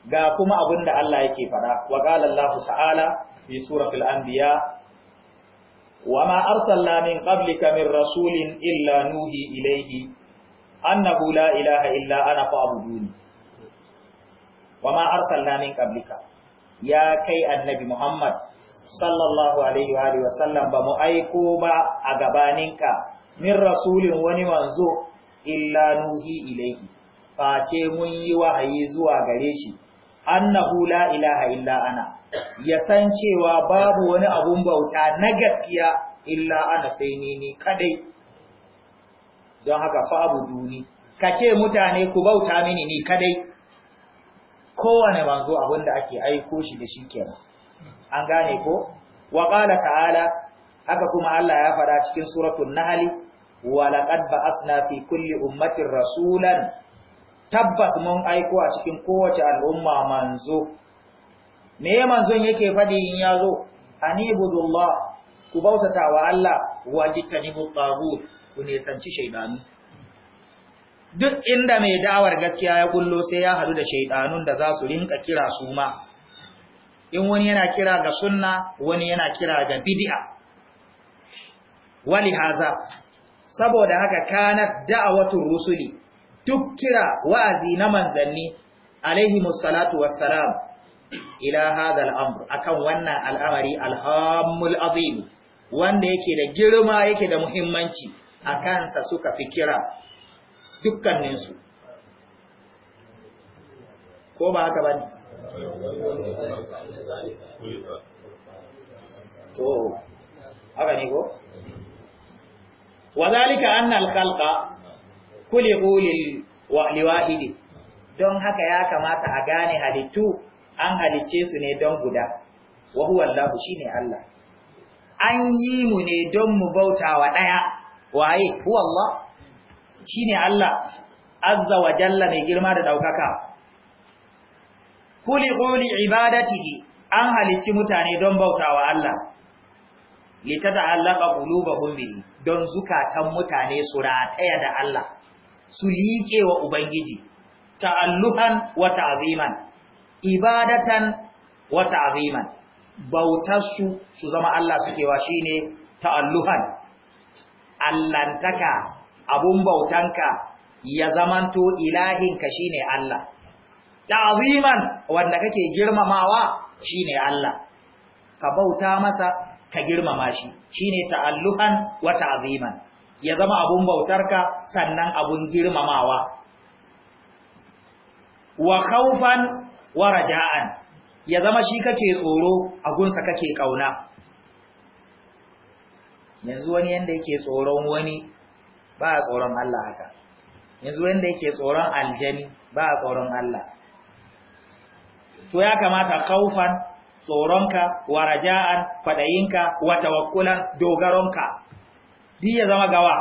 ga kuma abin da Allah yake fada wa qala Allah ta'ala fi suratul anbiya wa ma arsalna min qablika min rasulin illa nuhi ilayhi annahu la ilaha illa ana fa'buduni wa ma arsalna min qablika ya kai annabi Muhammad sallallahu alaihi wa alihi wa sallam ba mu aiko ba a gabaninka min rasulin wani manzo illa nuhi ilaihi face mun yi wahayi zuwa gare shi annahu la ilaha illa ana ya san cewa babu wani abun bauta na gaskiya illa ana sai ni ni kadai don haka fa'abu duni ce mutane ku bauta mini ni kadai kowane manzo abin da ake aiko shi da shi an gane ko wa qala ta'ala haka kuma Allah ya faɗa cikin suratul nahl walaƙad ba'asna fi kulli ummatin rasulan tabbas mun aiko a cikin kowace al'umma manzo me ya manzon yake faɗi in ya zo budullah, ku bautata wa Allah wa jitanibu tagut ku nisanci shaidanu duk inda mai da'awar gaskiya ya kullo sai ya hadu da shaidanun da za su rinka kira su ma in wani yana kira ga sunna wani yana kira ga bid'a wali haza saboda haka kanat da'awatu rusuli duk kira wa'azi na manzanni alaihi musallatu wassalam ila hadha al-amr akan wannan al'amari alhammul azim wanda yake da girma yake da muhimmanci akan sa suka fi kira dukkanin ko ba haka bane to haka ne ko wa zalika anna al-khalqa kuliqu liwahidi don haka ya kamata a gane halittu an halicce su ne don guda wa huwa Allah shine Allah an yi mu ne don mu bauta wa daya waye huwa Allah shine Allah azza wa jalla mai girma da daukaka kulli li ibadatihi an halicci mutane don bautawa Allah litata allaka qulubuhum bihi don zukatan mutane su rataya da Allah su liƙe wa Ubangiji ta'alluhan wa ta'aziman ibadatan wata ta'aziman bautarsu su zama Allah suke wa ne ta'alluhan allantaka abun bautanka ya zamanto ilahinka shi ne Allah ta'aziman wanda kake girmamawa shi ne Allah ka bauta masa ka girmama shi shine ta'alluhan wa ta'ziman ya zama abun bautarka sannan abun girmamawa wa khaufan wa raja'an ya zama shi kake tsoro a gunsa kake kauna yanzu wani yanda yake tsoron wani ba a tsoron Allah haka yanzu wanda yake tsoron aljani ba a tsoron Allah to ya kamata kaufan tsoronka wa raja'an fadayinka wa tawakkulan dogaronka duk ya zama gawa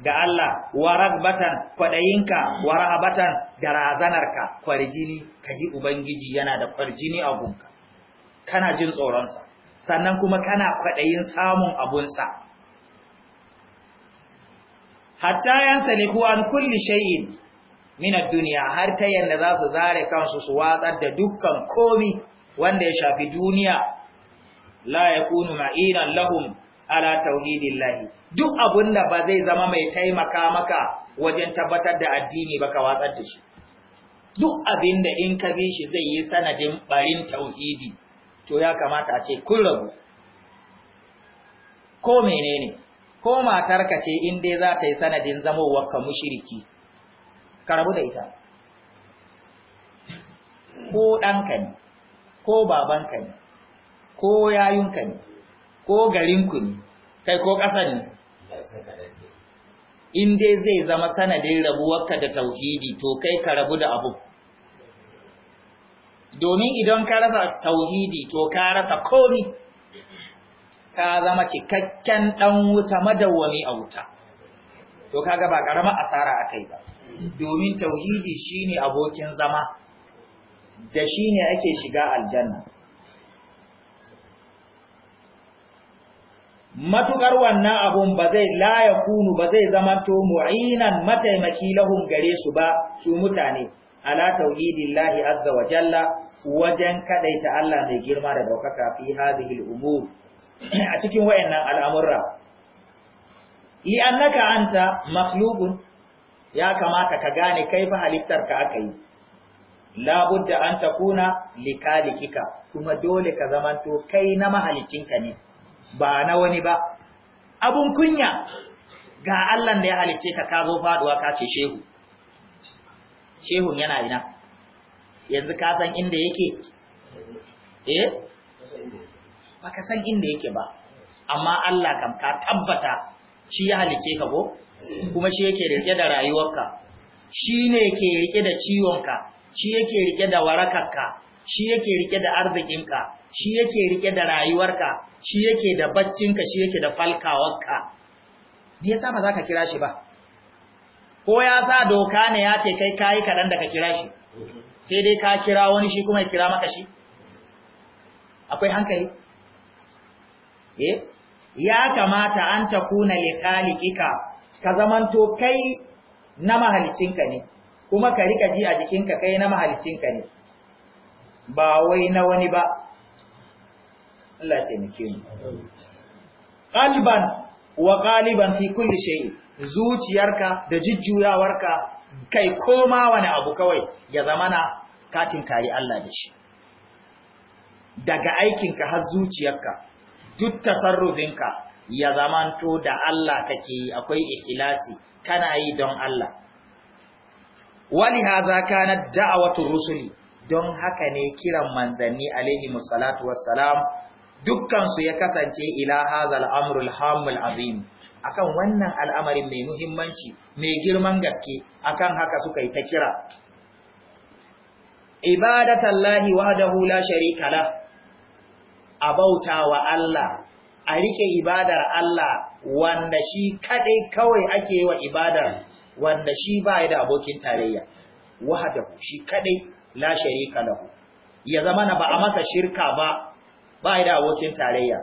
ga Allah wa ragbatan fadayinka wa rahabatan da razanarka kwarjini kaji ubangiji yana da kwarjini a gunka kana jin tsoronsa sannan kuma kana kwadayin samun abun sa. hatta yansaliku an kulli shay'in min ad-dunya har ta yanda za su zare kansu su watsar da dukkan komi wanda ya shafi duniya la kunu ma'inan lahum ala tauhidillahi duk da ba zai zama mai taimaka maka wajen tabbatar da addini ba ka watsar da shi duk abinda in ka bi shi zai yi sanadin barin tauhidi to ya kamata a ce kun rabu ko menene ko matarka ce in dai za ta yi sanadin zamowar ka mushriki ka rabu da ita ko ɗanka ne ko babanka ne ko yayunka ne ko garinku ne kai ko ƙasa ne in dai zai zama sanadin rabuwarka da tauhidi to kai ka rabu da abu domin idan ka rasa tauhidi to ka rasa komi ka zama cikakken ɗan wuta madawwami a wuta to kaga ba ƙarama asara a kai ba domin tauhidi shine abokin zama da shi ne ake shiga aljanna Matuƙar wannan abun ba zai laya kunu ba zai zama zamanto mu'inan mataimaki lahum gare su ba su mutane ala tauhidillahi azza wa jalla wajen kadaita Allah mai girma da daukaka fi hadhihi umur a cikin wayannan al'amurra yi annaka anta makhluqun ya kamata ka gane kai fa halittar ka akai budda an takuna likalikika kuma dole ka zamanto kai na mahalicinka ne ba na wani ba abun kunya ga Allah da ya halice ka ka zo faduwa ka ce shehu shehun yana ina yanzu ka san inda yake eh ba ka san inda yake ba amma Allah kam ka tabbata shi ya halice ka ko kuma shi yake rike da rayuwarka shi ne ke rike da ciwonka shi yake rike da warakarka shi yake rike da arzikinka shi yake rike da rayuwarka shi yake da baccinka shi yake da falkawarka da yasa ba za ka kira shi ba ko ya sa doka ne ya ce kai kayi kaɗan da ka kira shi sai dai ka kira wani shi kuma ya kira maka shi akwai hankali eh ya kamata an ta kuna liƙalikika ka zamanto kai na mahalicinka ne kuma ka rika ji a jikinka kai na mahalicinka ne ba wai na wani ba Allah taimake mu qalban wa qaliban fi kulli shay zuciyarka da jujjuyawarka kai koma wani abu kawai ya zamana katin tinkari Allah da shi daga aikinka har zuciyarka duk tasarrufinka ya zamanto da Allah kake akwai ikhlasi kana yi don Allah wali haza kanat da'awatu rusuli don haka ne kiran manzanni alaihi musallatu wassalam dukkan su ya kasance ila hazal amrul hamul azim akan wannan al'amarin mai muhimmanci mai girman gaske akan haka suka yi ta kira ibadatallahi wahdahu la sharika la abauta wa Allah a rike ibadar Allah wanda shi kadai kawai ake yi wa ibadar wanda shi ba da abokin tarayya wahadahu shi kadai la sharika lahu ya zama na ba a masa shirka ba ba da abokin tarayya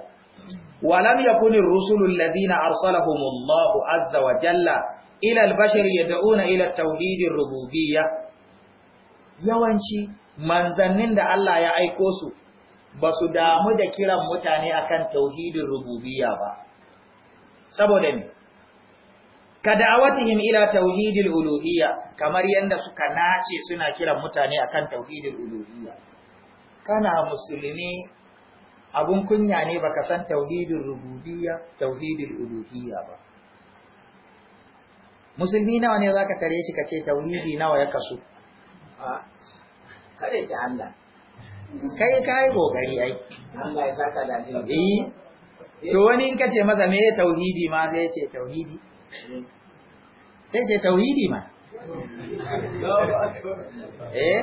walam yakun ar-rusulu alladhina arsalahum Allahu azza wa jalla ila al-bashar yad'una ila at rububiyyah yawanci manzannin da Allah ya aiko su ba su damu da kiran mutane akan tauhidin rububiya ba saboda me ka da'awatihim ila tauhidil uluhiyya kamar yanda suka nace suna kiran mutane akan tauhidil uluhiyya kana musulmi abun kunya ne baka san tauhidir rububiyya tauhidil uluhiyya ba musulmi nawa ne zaka tare shi kace tauhidi nawa ya kasu a kare ta Allah kai kai gogari ai Allah ya saka da ni eh to wani in kace maza me tauhidi ma zai ce tauhidi sai ce tauhidi ma eh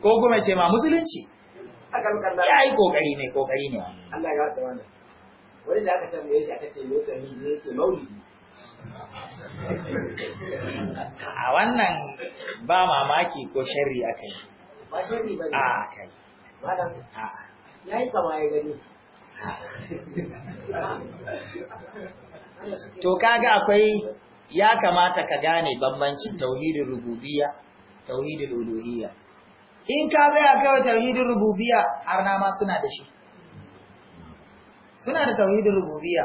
ko kuma ce ma musulunci ya yi kokari mai kokari ne Allah ya wata wani. wani da aka tambaye shi aka ce lokaci ne ce maulidi a wannan ba mamaki ko sharri a kai. ba sharri ba ne. a aka yi ya yi kama ya gani to kaga akwai ya kamata ka gane bambancin tauhidin rububiyya tauhidin uluhiyya in ka ga kawai tauhidin rububiyya har na ma suna da shi suna da tauhidin rububiyya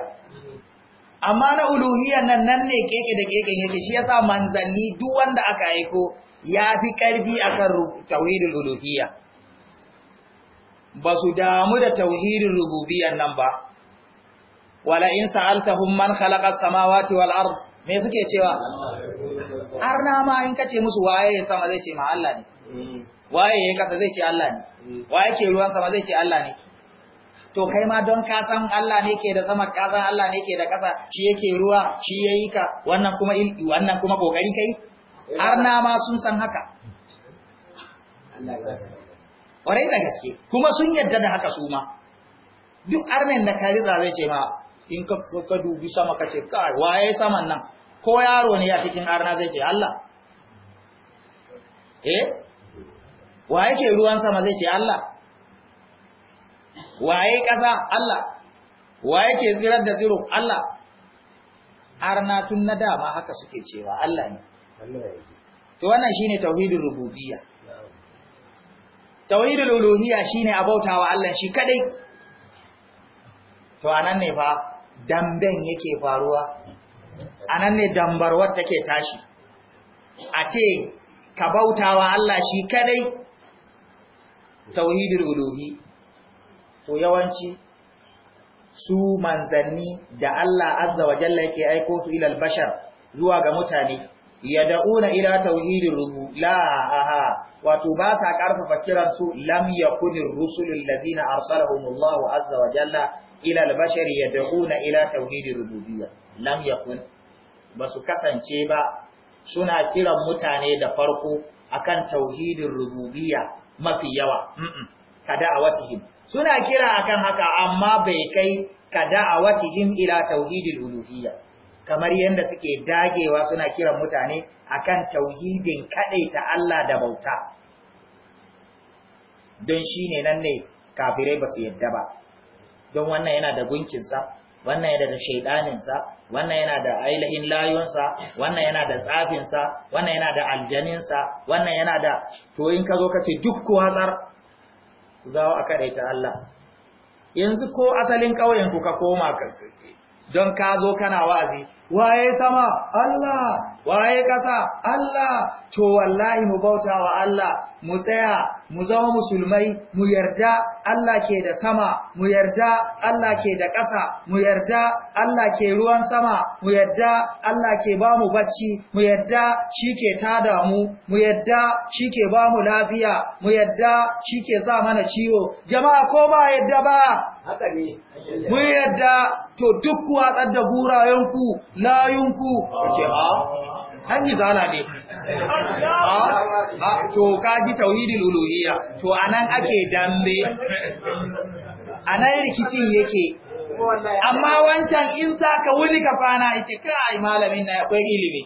amma na uluhiyya nan nan ne keke da keke yake shi yasa manzanni duk wanda aka aiko ya fi karfi akan tauhidin uluhiyya ba su damu da tauhidin rububiyyan nan ba wala in sa'altahum man khalaqa samawati wal ard me suke cewa arna ma in kace musu waye ya sama zai ce ma Allah ne waye ya kasa zai ce Allah ne waye ke ruwan sama zai ce Allah ne to kai ma don ka san Allah ne ke da sama ka san Allah ne ke da kasa shi yake ruwa shi yayi ka wannan kuma wannan kuma kokari kai arna ma sun san haka Ƙwarai da gaske, kuma sun yadda da haka su ma, duk arnen da kariza zai ce ma in ka dubi sama ka ce kai waye saman nan ko yaro ne a cikin arna zai ce Allah eh waye ke ruwan sama zai ce Allah waye ƙasa Allah waye ke tsirar da tsiro Allah arna tun na dama haka suke cewa Allah ne to wannan shine tauhidul rububiyya tauhidul uluhiyya shine abautawa Allah shi kadai to anan ne fa damben yake faruwa a nan ne dambarwar take tashi a ce ka bautawa Allah shi kadai tauhidul uluhi to yawanci su manzanni da Allah azza wa jalla yake aiko su ilal bashar zuwa ga mutane yad'una ila tauhidir rubulaha wato ba sa karfafa kiran su lam yakunir rusulul ladina arsalahumullahu azza wa jalla ila al-bashari yad'una ila tauhidir rububiyyah lam yakun basu kasance ba suna kiran mutane da farko akan tauhidin rububiyyah mafi yawa kada'awatihim suna kira akan haka amma bai kai kada'awatihim ila tauhidil uluhiyya kamar yanda suke dagewa suna kiran mutane akan tauhidin kadaita Allah da bauta don shine nan ne kafirai basu yadda ba don wannan yana da gunkinsa wannan yana da shaidaninsa wannan yana da ainihin sa wannan yana da tsafinsa wannan yana da aljaninsa wannan yana da to in ka zo ka ce duk ko hatsar ku a ta Allah yanzu ko asalin ƙauyen ku ka koma ka don ka zo kana wazi waye sama Allah waye ƙasa Allah to wallahi mu bauta wa Allah mu tsaya mu zama musulmai mu yarda Allah ke da sama mu yarda Allah ke da ƙasa mu yarda Allah ke ruwan sama mu yarda Allah ke ba mu bacci mu yarda shi ke tada mu mu yarda shi ke ba mu lafiya mu yarda shi ke sa mana ciwo jama'a ko ba yarda ba mu yarda to duk watsar da gurayenku layunku ke ah. ne Ah, ah, to ka ji tauhidul uluhiyya to anan ake dambe anan rikicin yake amma wancan in zaka wuni ka fana ita, kai malamin na akwai ilimi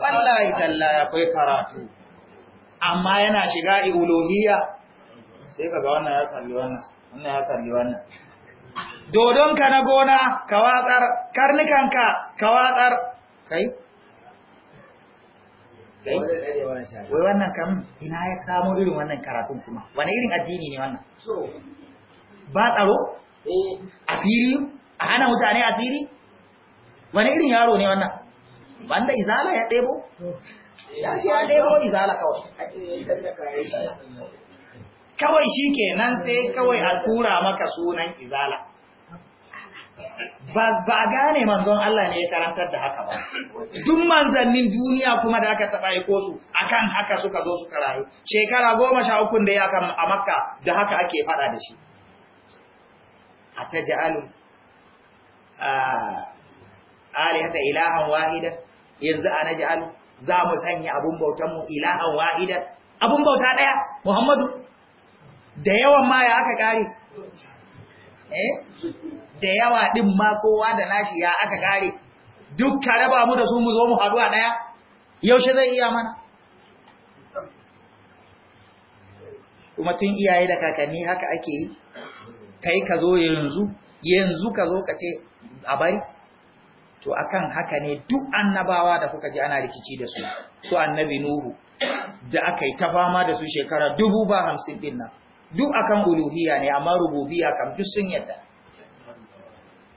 wallahi tallahi akwai karatu amma yana shiga uluhiyya sai ga wannan ya kalli wannan wannan ya kalli wannan ka na gona ka watsar karnukan ka watsar kai wai wannan kam ina ya samo irin wannan karatun kuma wani irin addini ne wannan ba tsaro eh. asiri a hana mutane asiri wani irin yaro ne wannan wanda izala ya ɗebo eh. ya ce ya ɗebo izala kawai kawai shi kenan sai kawai a tura maka sunan izala ba a gane manzon Allah ne ya karantar da haka ba duk manzannin duniya kuma da aka taɓa yi kotu akan haka suka zo suka rayu shekara goma sha ukun da ya kan a makka da haka ake fada da shi a ta ja'alu alihata ilahan wahida yanzu a na ja'alu za mu sanya abun mu ilahan wahida abun bauta ɗaya muhammadu da yawan ma ya aka ƙari eh da yawa din ma kowa da nashi ya aka kare duk ka raba mu da su mu zo mu haɗu a ɗaya yaushe zai iya mana kuma tun iyaye da kakanni haka ake yi kai ka zo yanzu yanzu ka zo ka ce a bari to akan haka ne duk annabawa da kuka ji ana rikici da su su annabi nuhu da aka yi ta fama da su shekara dubu ba hamsin din duk akan uluhiya ne amma rububiya kam duk sun yadda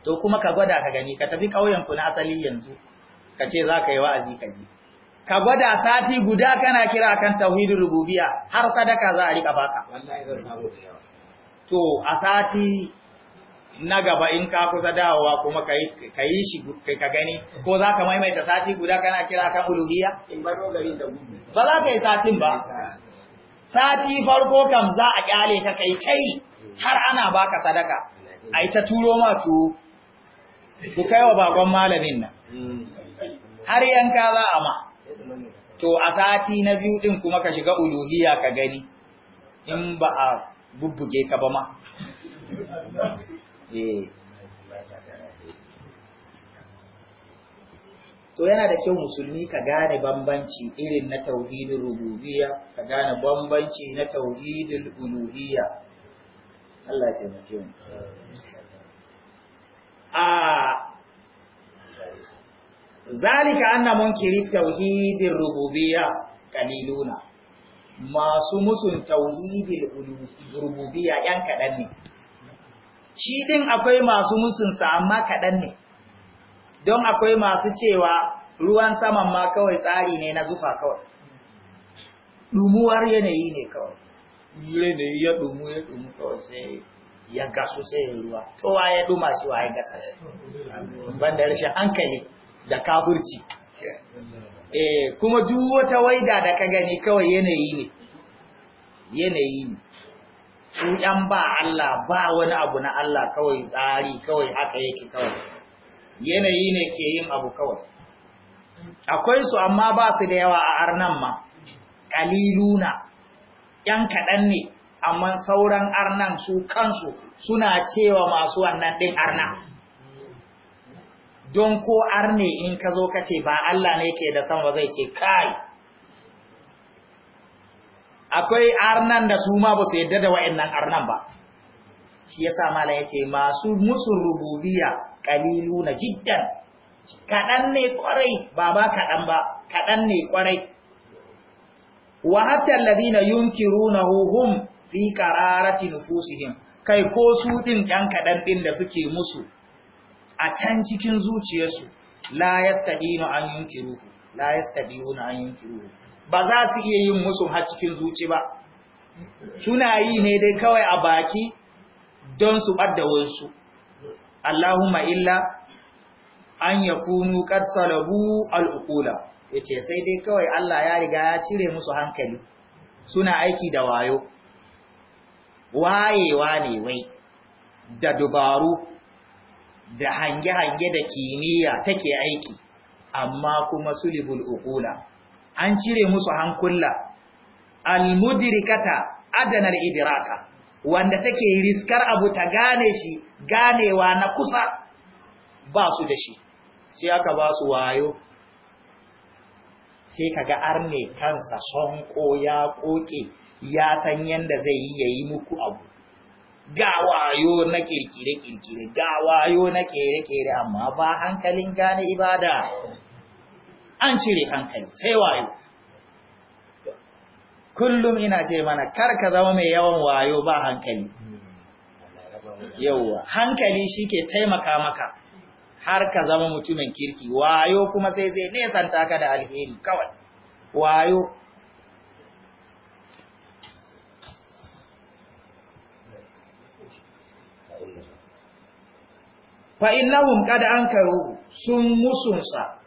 to kuma ka gwada ka gani ka tafi kauyen ku na asali yanzu ka ce za ka yi wa'azi ka ji ka gwada sati guda kana kira kan tauhidin rububiya har sadaka za a rika baka to a sati na gaba in ka kusa dawowa kuma ka yi shi ka gani ko za ka maimaita sati guda kana kira kan uluhiya? Ba za ka yi satin ba. Sati farko kam za a kyale ka kai kai har ana baka sadaka. yi ta turo ma tuwo, ku kai wa bakon malamin nan har yanka za a ma to a sati na biyu ɗin kuma ka shiga uluhiyya ka gani in ba a bubbuge ka ba ma eh. to yana da kyau musulmi ka gane bambanci irin na tauhidin rububiyya ka gane bambanci na tauhidin uluhiyya Allah ya taimake mu a zalika anna munkiri tauhidin rububiyya qaliluna masu musun tauhidin rububiyya yan kadan ne shi din akwai masu musun sa amma kadan ne don akwai masu cewa ruwan saman ma kawai tsari ne na zufa kawai dumuwar yanayi ne kawai yanayi ya dumu ya dumu kawai sai ya gasu sai ruwa towa ya duma shi wa ya gasa shi banda rashin hankali da kaburci eh kuma duk wata waida da ka gani kawai yanayi ne yanayi ne su ɗan ba Allah ba wani abu na Allah kawai tsari kawai haka yake kawai yanayi ne ke yin abu kawai akwai su amma ba su da yawa a arnan ma ƙaliluna ‘yan kaɗan ne amma sauran arnan su kansu suna cewa masu wannan ɗin arna don ko arne in ka zo ka ba Allah ne ke da sama zai ce kai akwai arnan da su ma ba su yadda da wa'annan arnan ba shi ya sa mala ya ce masu musu rububiya ƙalilu na jiddan kaɗan ne ƙwarai ba ba kaɗan ba kaɗan ne kwarai wa hatta allazina yunkirunahu hum fi qararati nufusihim kai ko su din ɗan kaɗan ɗin da suke musu a can cikin zuciyarsu la yastadinu an yunkiru la yastadinu an yunkiru ba za su iya yin musu har cikin zuci ba suna yi ne dai kawai a baki don su ɓadda wansu Allahumma illa an yakunu qad salabu al-uqula yace sai dai kawai Allah ya riga ya cire musu hankali suna aiki da wayo wayewa ne wai da dubaru da hange-hange da kimiyya take aiki amma kuma sulibul uqula an cire musu hankula almudirikata adanar idiraka wanda take riskar abu ta gane shi ganewa na kusa ba su da shi sai aka ba su wayo sai kaga arne kansa ko ya koke ya san yadda zai yi ya yi muku abu ga wayo na kirkire kirkire ga wayo na kere kere amma ba hankalin gane ibada an cire hankali sai wayo kullum ina ce mana kar ka zama mai yawan wayo ba hankali hmm. yauwa hankali shi ke taimaka maka har ka zama mutumin kirki wayo kuma sai zai nesanta ka da alheri kawai wayo fa'innahun kada an karu sun musunsa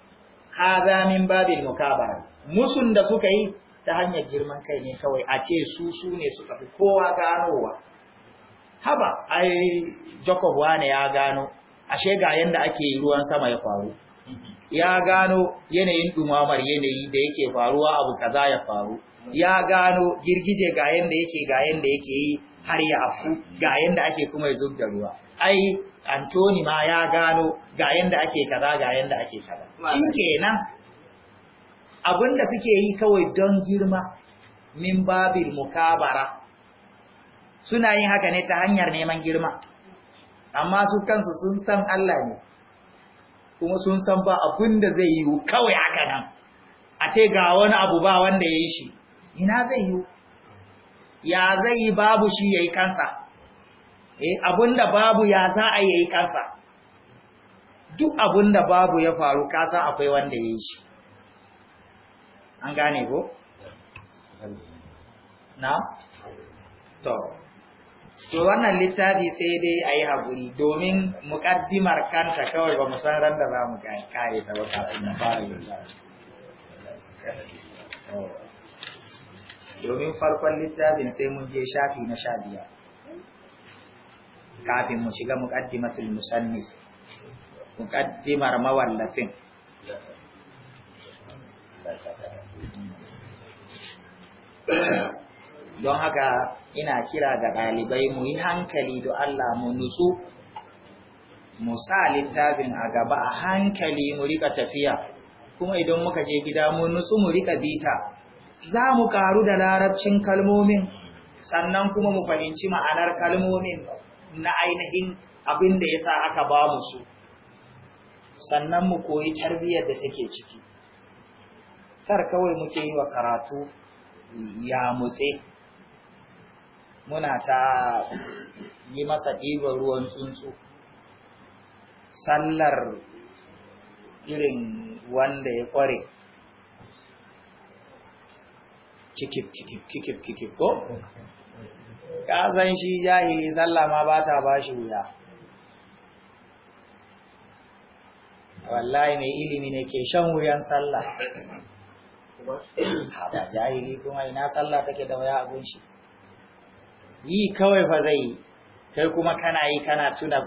haza min babin mukabara musun da suka yi ta hanyar girman kai ne kawai a ce su su ne suka fi kowa ganowa haba ai jacob wane ya gano ashe ga yanda ake ruwan sama ya faru ya gano yanayin dumamar yanayi da yake faruwa abu kaza ya faru ya gano girgije ga yanda yake ga yanda yake yi har ya afu ga yanda ake kuma ya zub ruwa ai Antoni ma ya gano ga yanda ake kaza ga yanda ake kaza shikenan abinda suke yi kawai don girma min babil mukabara suna yin haka ne ta hanyar neman girma amma su kansu sun san Allah ne kuma sun san ba abin da zai yiwu kawai haka nan a ce ga wani abu ba wanda ya yi shi ina zai yiwu ya zai yi babu shi ya yi kansa eh abin da babu ya za a yi kansa duk abin da babu ya faru kasan akwai wanda ya yi shi an gane ko? na? to to wannan littafi sai dai a yi haƙuri domin muƙaddimar kanta kawai ba san ran da za mu kare ta ba kafin na fara yin domin farkon littafin sai mun je shafi na sha biyar kafin mu shiga muƙaddimatul musanni muƙaddimar mawallafin don haka ina kira ga ɗalibai mu yi hankali da Allah mu nutsu mu sa littafin a gaba a hankali mu rika tafiya kuma idan muka je gida mu nutsu mu rika bita za mu karu da larabcin kalmomin sannan kuma mu fahimci ma'anar kalmomin na ainihin abin da ya sa aka ba mu su sannan mu koyi tarbiyyar da take ciki kar kawai muke yi wa karatu ya mutse muna ta yi masa ɗiban ruwan tsuntsu sallar irin wanda ya ƙware kikif kikif kikif kikif ko? shi jahili sallah ma ba ta ba shi wuya wallahi mai ilimi ne ke shan wuyan sallah ba jahili kuma ina sallah take da waya abin shi yi kawai fa zai yi kai kuma kana yi kana tuna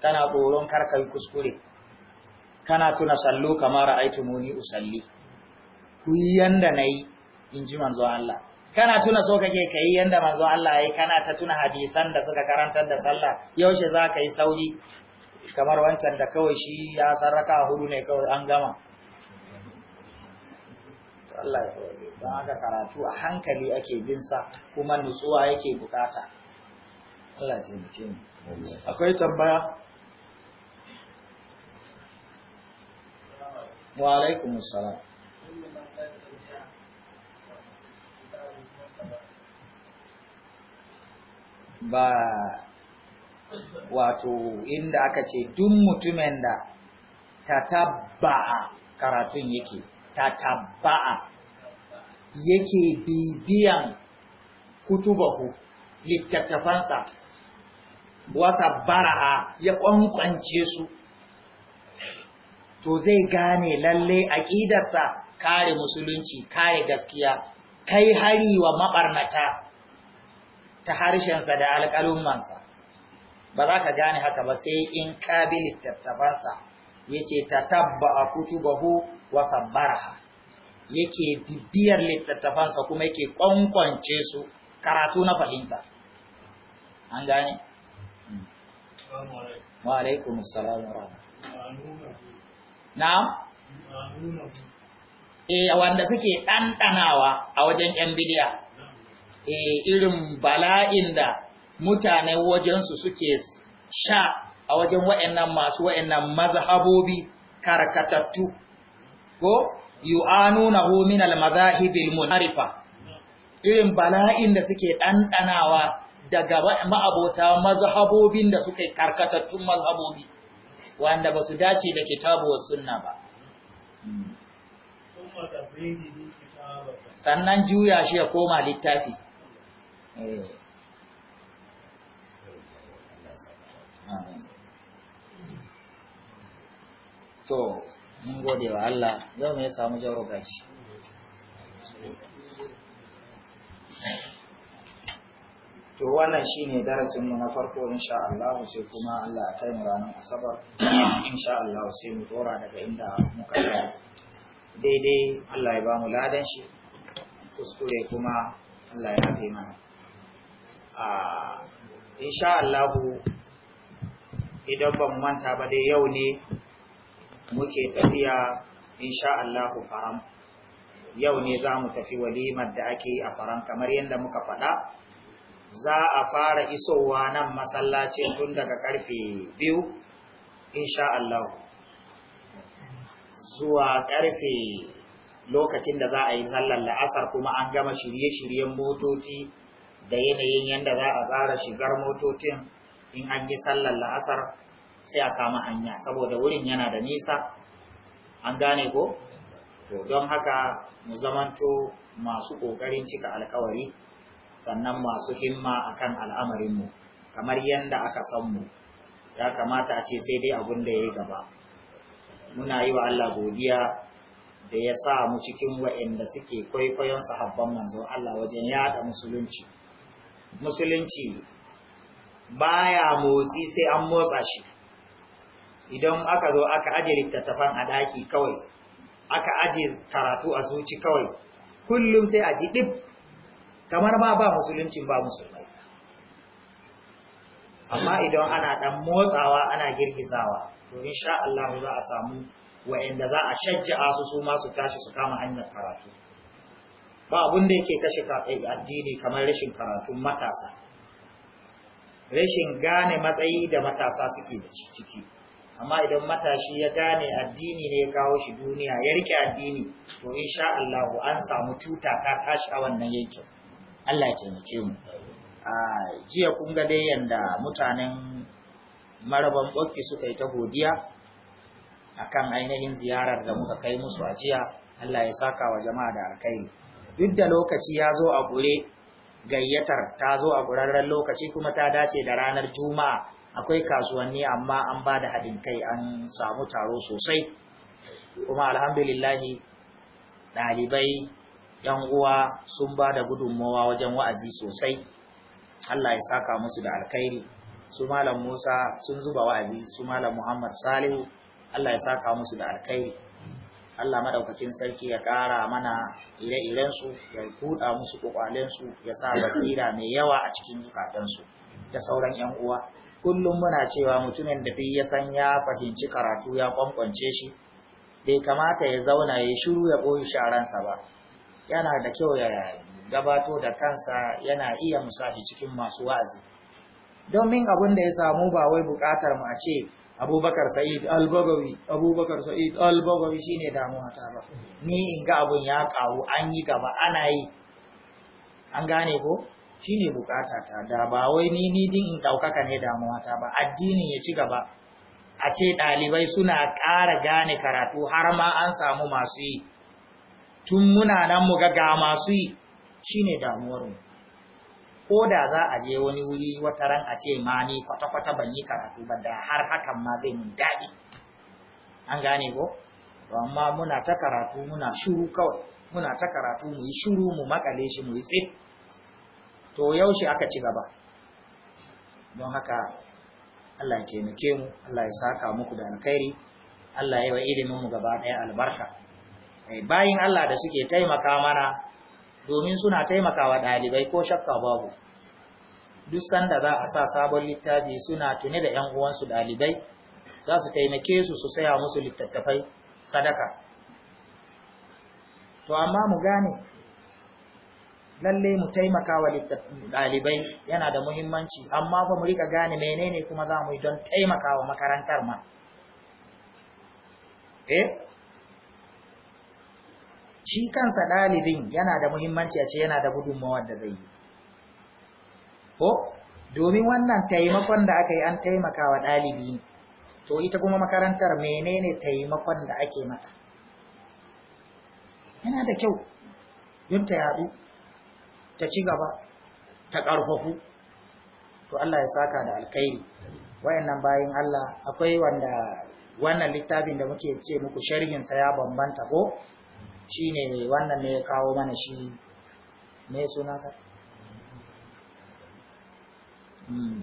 kana tsoron karkar kuskure kana tuna sallo kamar ra'aitu muni usalli ku yi yanda yi in ji manzo Allah kana tuna so kake kai yanda manzo Allah ya yi, kana ta tuna hadisan da suka karantar da sallah yaushe za ka yi sauri kamar wancan da kawai shi ya sarraka hudu ne kawai an gama Allah ya koyi don haka karatu a hankali ake bin sa kuma nutsuwa yake bukata Allah ya taimake mu akwai tambaya wa alaikum assalam ba wato inda aka ce duk mutumin da ta tabba karatun yake tatabba'a yake bibiyan kutubahu littattafansa wasa baraha ya kwankwance su to zai gane lalle aƙidarsa kare musulunci kare gaskiya kai hari wa maɓarnata ta harshensa da alƙalummansa ba za ka gane haka ba sai in ƙabilin littattafansa. ya ce ta tabba a kutubahu wasabbaraha yake bibiyar littattafansa kuma yake kwankwance su karatu na fahimta an gane hmm. wa alaikum assalam wa na eh wanda suke ɗanɗanawa a wajen yan bidiya eh irin bala'in da mutane wajensu suke sha a wajen wa'annan masu wa'annan mazhabobi karkatattu ko yu'anunahu min al-mazahibil munarifa irin bala'in da suke ɗanɗanawa daga ma'abota mazhabobin da suke karkatattun mazhabobi wanda ba su dace da kitabu sunna ba sannan juya shi ya koma littafi eh. to mun gode wa Allah yau ne ya samu jaro gashi to wannan shine darasin mu na farko insha Allah sai kuma Allah ya kai mu ranar asabar insha Allah sai mu dora daga inda muka tsaya daidai Allah ya ba mu ladan shi kuskure kuma Allah ya hafe mana a insha Allah idan ban manta ba dai yau ne muke tafiya insha Allahu faram yau ne za mu tafi walimar da ake a faram kamar yadda muka faɗa za a fara isowa nan masallacin tun daga karfe biyu insha Allahu zuwa ƙarfe lokacin da za a yi sallar la'asar kuma an gama shirye-shiryen motoci da yanayin yadda za a tsara shigar motocin in an yi sallar la'asar sai a kama hanya saboda wurin yana da nisa an gane ko to don haka mu zamanto masu ƙoƙarin cika alkawari sannan masu himma akan al'amarinmu kamar yadda aka san mu ya kamata a ce sai dai abun da ya yi gaba muna yi wa Allah godiya da ya sa mu cikin wa'inda suke kwaikwayon sahabban manzo Allah wajen yada musulunci musulunci baya motsi sai an motsa shi idan aka zo aka aje littattafan a ɗaki kawai aka aje karatu a zuci kawai kullum sai a ji ɗib kamar ma ba musuluncin ba musulmai amma idan ana ɗan motsawa ana girgizawa to insha Allah za a samu wa'anda za a shajja'a su su ma tashi su kama hanyar karatu ba abun da yake kashe eh, addini kamar rashin karatun matasa rashin gane matsayi da matasa suke da ciki amma idan matashi ya gane addini ne ya kawo shi duniya ya rike addini to insha Allah an samu cuta ka tashi a wannan yankin Allah ya taimake mu a jiya kun ga dai yanda mutanen maraban bokki suka yi ta godiya akan ainihin ziyarar da muka kai musu a jiya Allah ya saka wa jama'a da alkhairi duk da lokaci ya zo a gure gayyatar ta zo a guraren lokaci kuma ta dace da ranar juma'a akwai kasuwanni amma an ba da haɗin kai an samu taro sosai kuma alhamdulillahi ɗalibai yan uwa sun ba da gudunmawa wajen wa'azi sosai Allah ya saka musu da alkhairi su malam Musa sun zuba wa'azi su malam Muhammad Salihu Allah ya saka musu da alkhairi Allah madaukakin sarki ya ƙara mana ire-iren su ya kuɗa musu kwakwalen su ya sa basira mai yawa a cikin zukatansu da sauran yan uwa kullum muna cewa mutumin da ya san ya fahimci karatu ya kwankwance shi bai kamata ya zauna ya shiru ya boye sharansa ba yana da kyau ya gabato da kansa yana iya musashi cikin masu wa'azi domin abin da ya samu ba wai bukatar mu a ce abubakar sa'id albagawi abubakar sa'id albagawi shine damuwa ta ba ni in ga abin ya karu an yi gaba ana yi an gane ko shine bukatata da ba wai ni ni din in ɗaukaka ne damuwata ba addinin ya ci gaba a ce dalibai suna ƙara gane karatu har ma an samu masu yi tun muna nan mu ga ga masu yi shine damuwar mu ko da za a je wani wuri wata ran a ce ma ni kwata-kwata ban yi karatu ba da har hakan ma zai min daɗi an gane ko amma muna ta karatu muna shuru kawai muna ta karatu mu yi shuru mu makale shi mu yi tsit to yaushe aka ci gaba don haka Allah ya taimake mu Allah ya saka muku da alkhairi Allah ya yi wa ilimin mu gaba ɗaya albarka eh, bayin Allah da suke taimaka mana domin suna taimakawa ɗalibai ko shakka babu duk sanda za a sa sabon littafi suna tuni da ‘yan uwansu ɗalibai za su taimake su su saya musu littattafai sadaka to amma mu gane lalle mu taimaka wa dalibai yana da muhimmanci amma fa mu rika gane menene kuma za mu yi don taimaka wa makarantar ma eh shi kansa ɗalibin yana da muhimmanci a ce yana da gudunmawar da zai yi ko domin wannan taimakon da aka yi an taimaka wa ne, to ita kuma makarantar menene taimakon da ake mata yana da kyau don ta yaɗu ta ci gaba ta ƙarfafu to Allah ya saka da alkhairi. wayannan bayin Allah akwai wanda wannan littafin da muke ce muku sharhinsa ya bambanta ko shine wannan ne ya kawo mana shi ne sunansa hmm.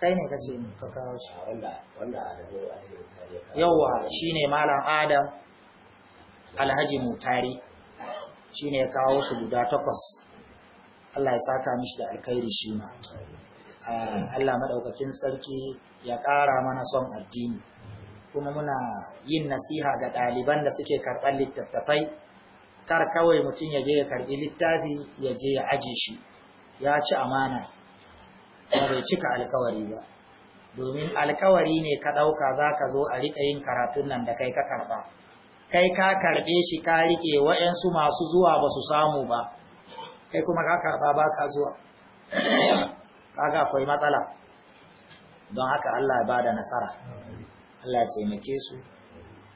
kai ne kace ka kawo shi yawa shine malam adam alhaji mutari shine ya kawo su guda takwas Allah ya saka mishi da alkhairi shi ma ah, Allah madaukakin sarki ya ƙara mana son addini kuma muna yin nasiha ga ɗaliban da suke karɓar littattafai kar kawai mutum ya je ya karɓi littafi ya je ya aje shi ya ci amana ba bai cika alkawari ba domin alkawari ne ka ɗauka za ka zo a riƙa yin karatun nan da kai ka karɓa kai ka karbe shi ka rike wa'yansu masu zuwa ba su samu ba kai kuma ka karba ba ka zuwa kaga akwai matsala don haka Allah ya bada nasara Allah ya taimake su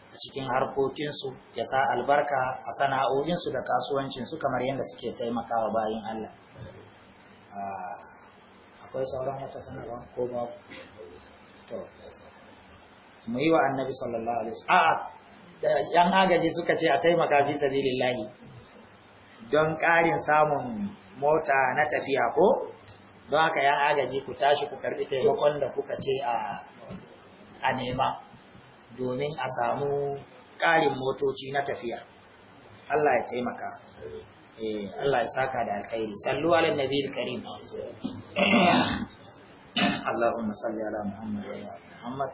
a cikin harkokinsu ya sa albarka a sana'o'insu da kasuwancinsu kamar yadda suke taimakawa bayin Allah akwai sauran wata sanarwa ko ba to mu yi wa annabi sallallahu alaihi wasallam a'a yan agaji suka ce a taimaka fi sabilillahi don ƙarin samun mota na tafiya ko don haka yan agaji ku tashi ku karbi taimakon da kuka ce a nema domin a samu ƙarin motoci na tafiya Allah ya taimaka eh, Allah ya saka da alkhairi sallu ala nabi karim Allahumma salli ala Muhammad wa ala Muhammad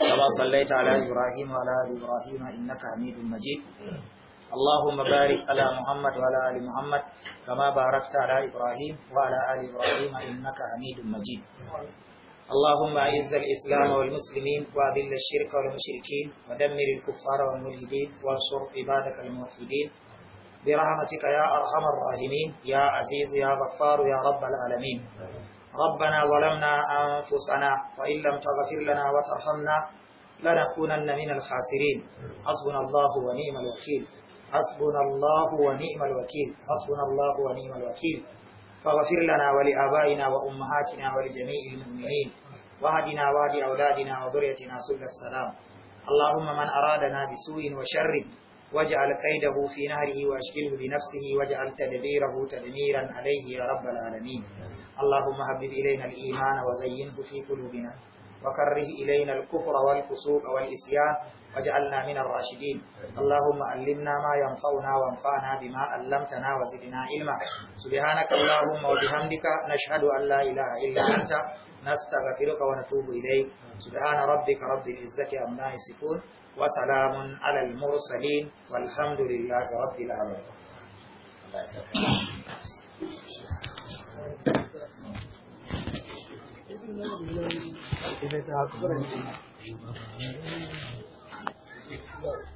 كما صليت على إبراهيم وعلى آل إبراهيم إنك حميد مجيد اللهم بارك على محمد وعلى آل محمد كما باركت على إبراهيم وعلى آل إبراهيم إنك حميد مجيد اللهم أعز الإسلام والمسلمين وأذل الشرك والمشركين ودمر الكفار والملحدين وانصر عبادك الموحدين برحمتك يا أرحم الراحمين يا عزيز يا غفار يا رب العالمين ربنا ظلمنا أنفسنا وإن لم تغفر لنا وترحمنا لنكونن من الخاسرين حسبنا الله ونعم الوكيل حسبنا الله ونعم الوكيل حسبنا الله ونعم الوكيل فاغفر لنا ولآبائنا وأمهاتنا ولجميع المؤمنين وهدنا وادي أولادنا وذريتنا سبل السلام اللهم من أرادنا بسوء وشر واجعل كيده في نهره وأشغله بنفسه واجعل تدبيره تدميرا عليه يا رب العالمين اللهم هبب إلينا الإيمان وزينه في قلوبنا وكره إلينا الكفر والفسوق والإسيان واجعلنا من الراشدين اللهم علمنا ما ينفعنا وانفعنا بما علمتنا وزدنا علما سبحانك اللهم وبحمدك نشهد أن لا إله إلا أنت نستغفرك ونتوب إليك سبحان ربك رب العزة عما يصفون وسلام على المرسلين والحمد لله رب العالمين Thank you.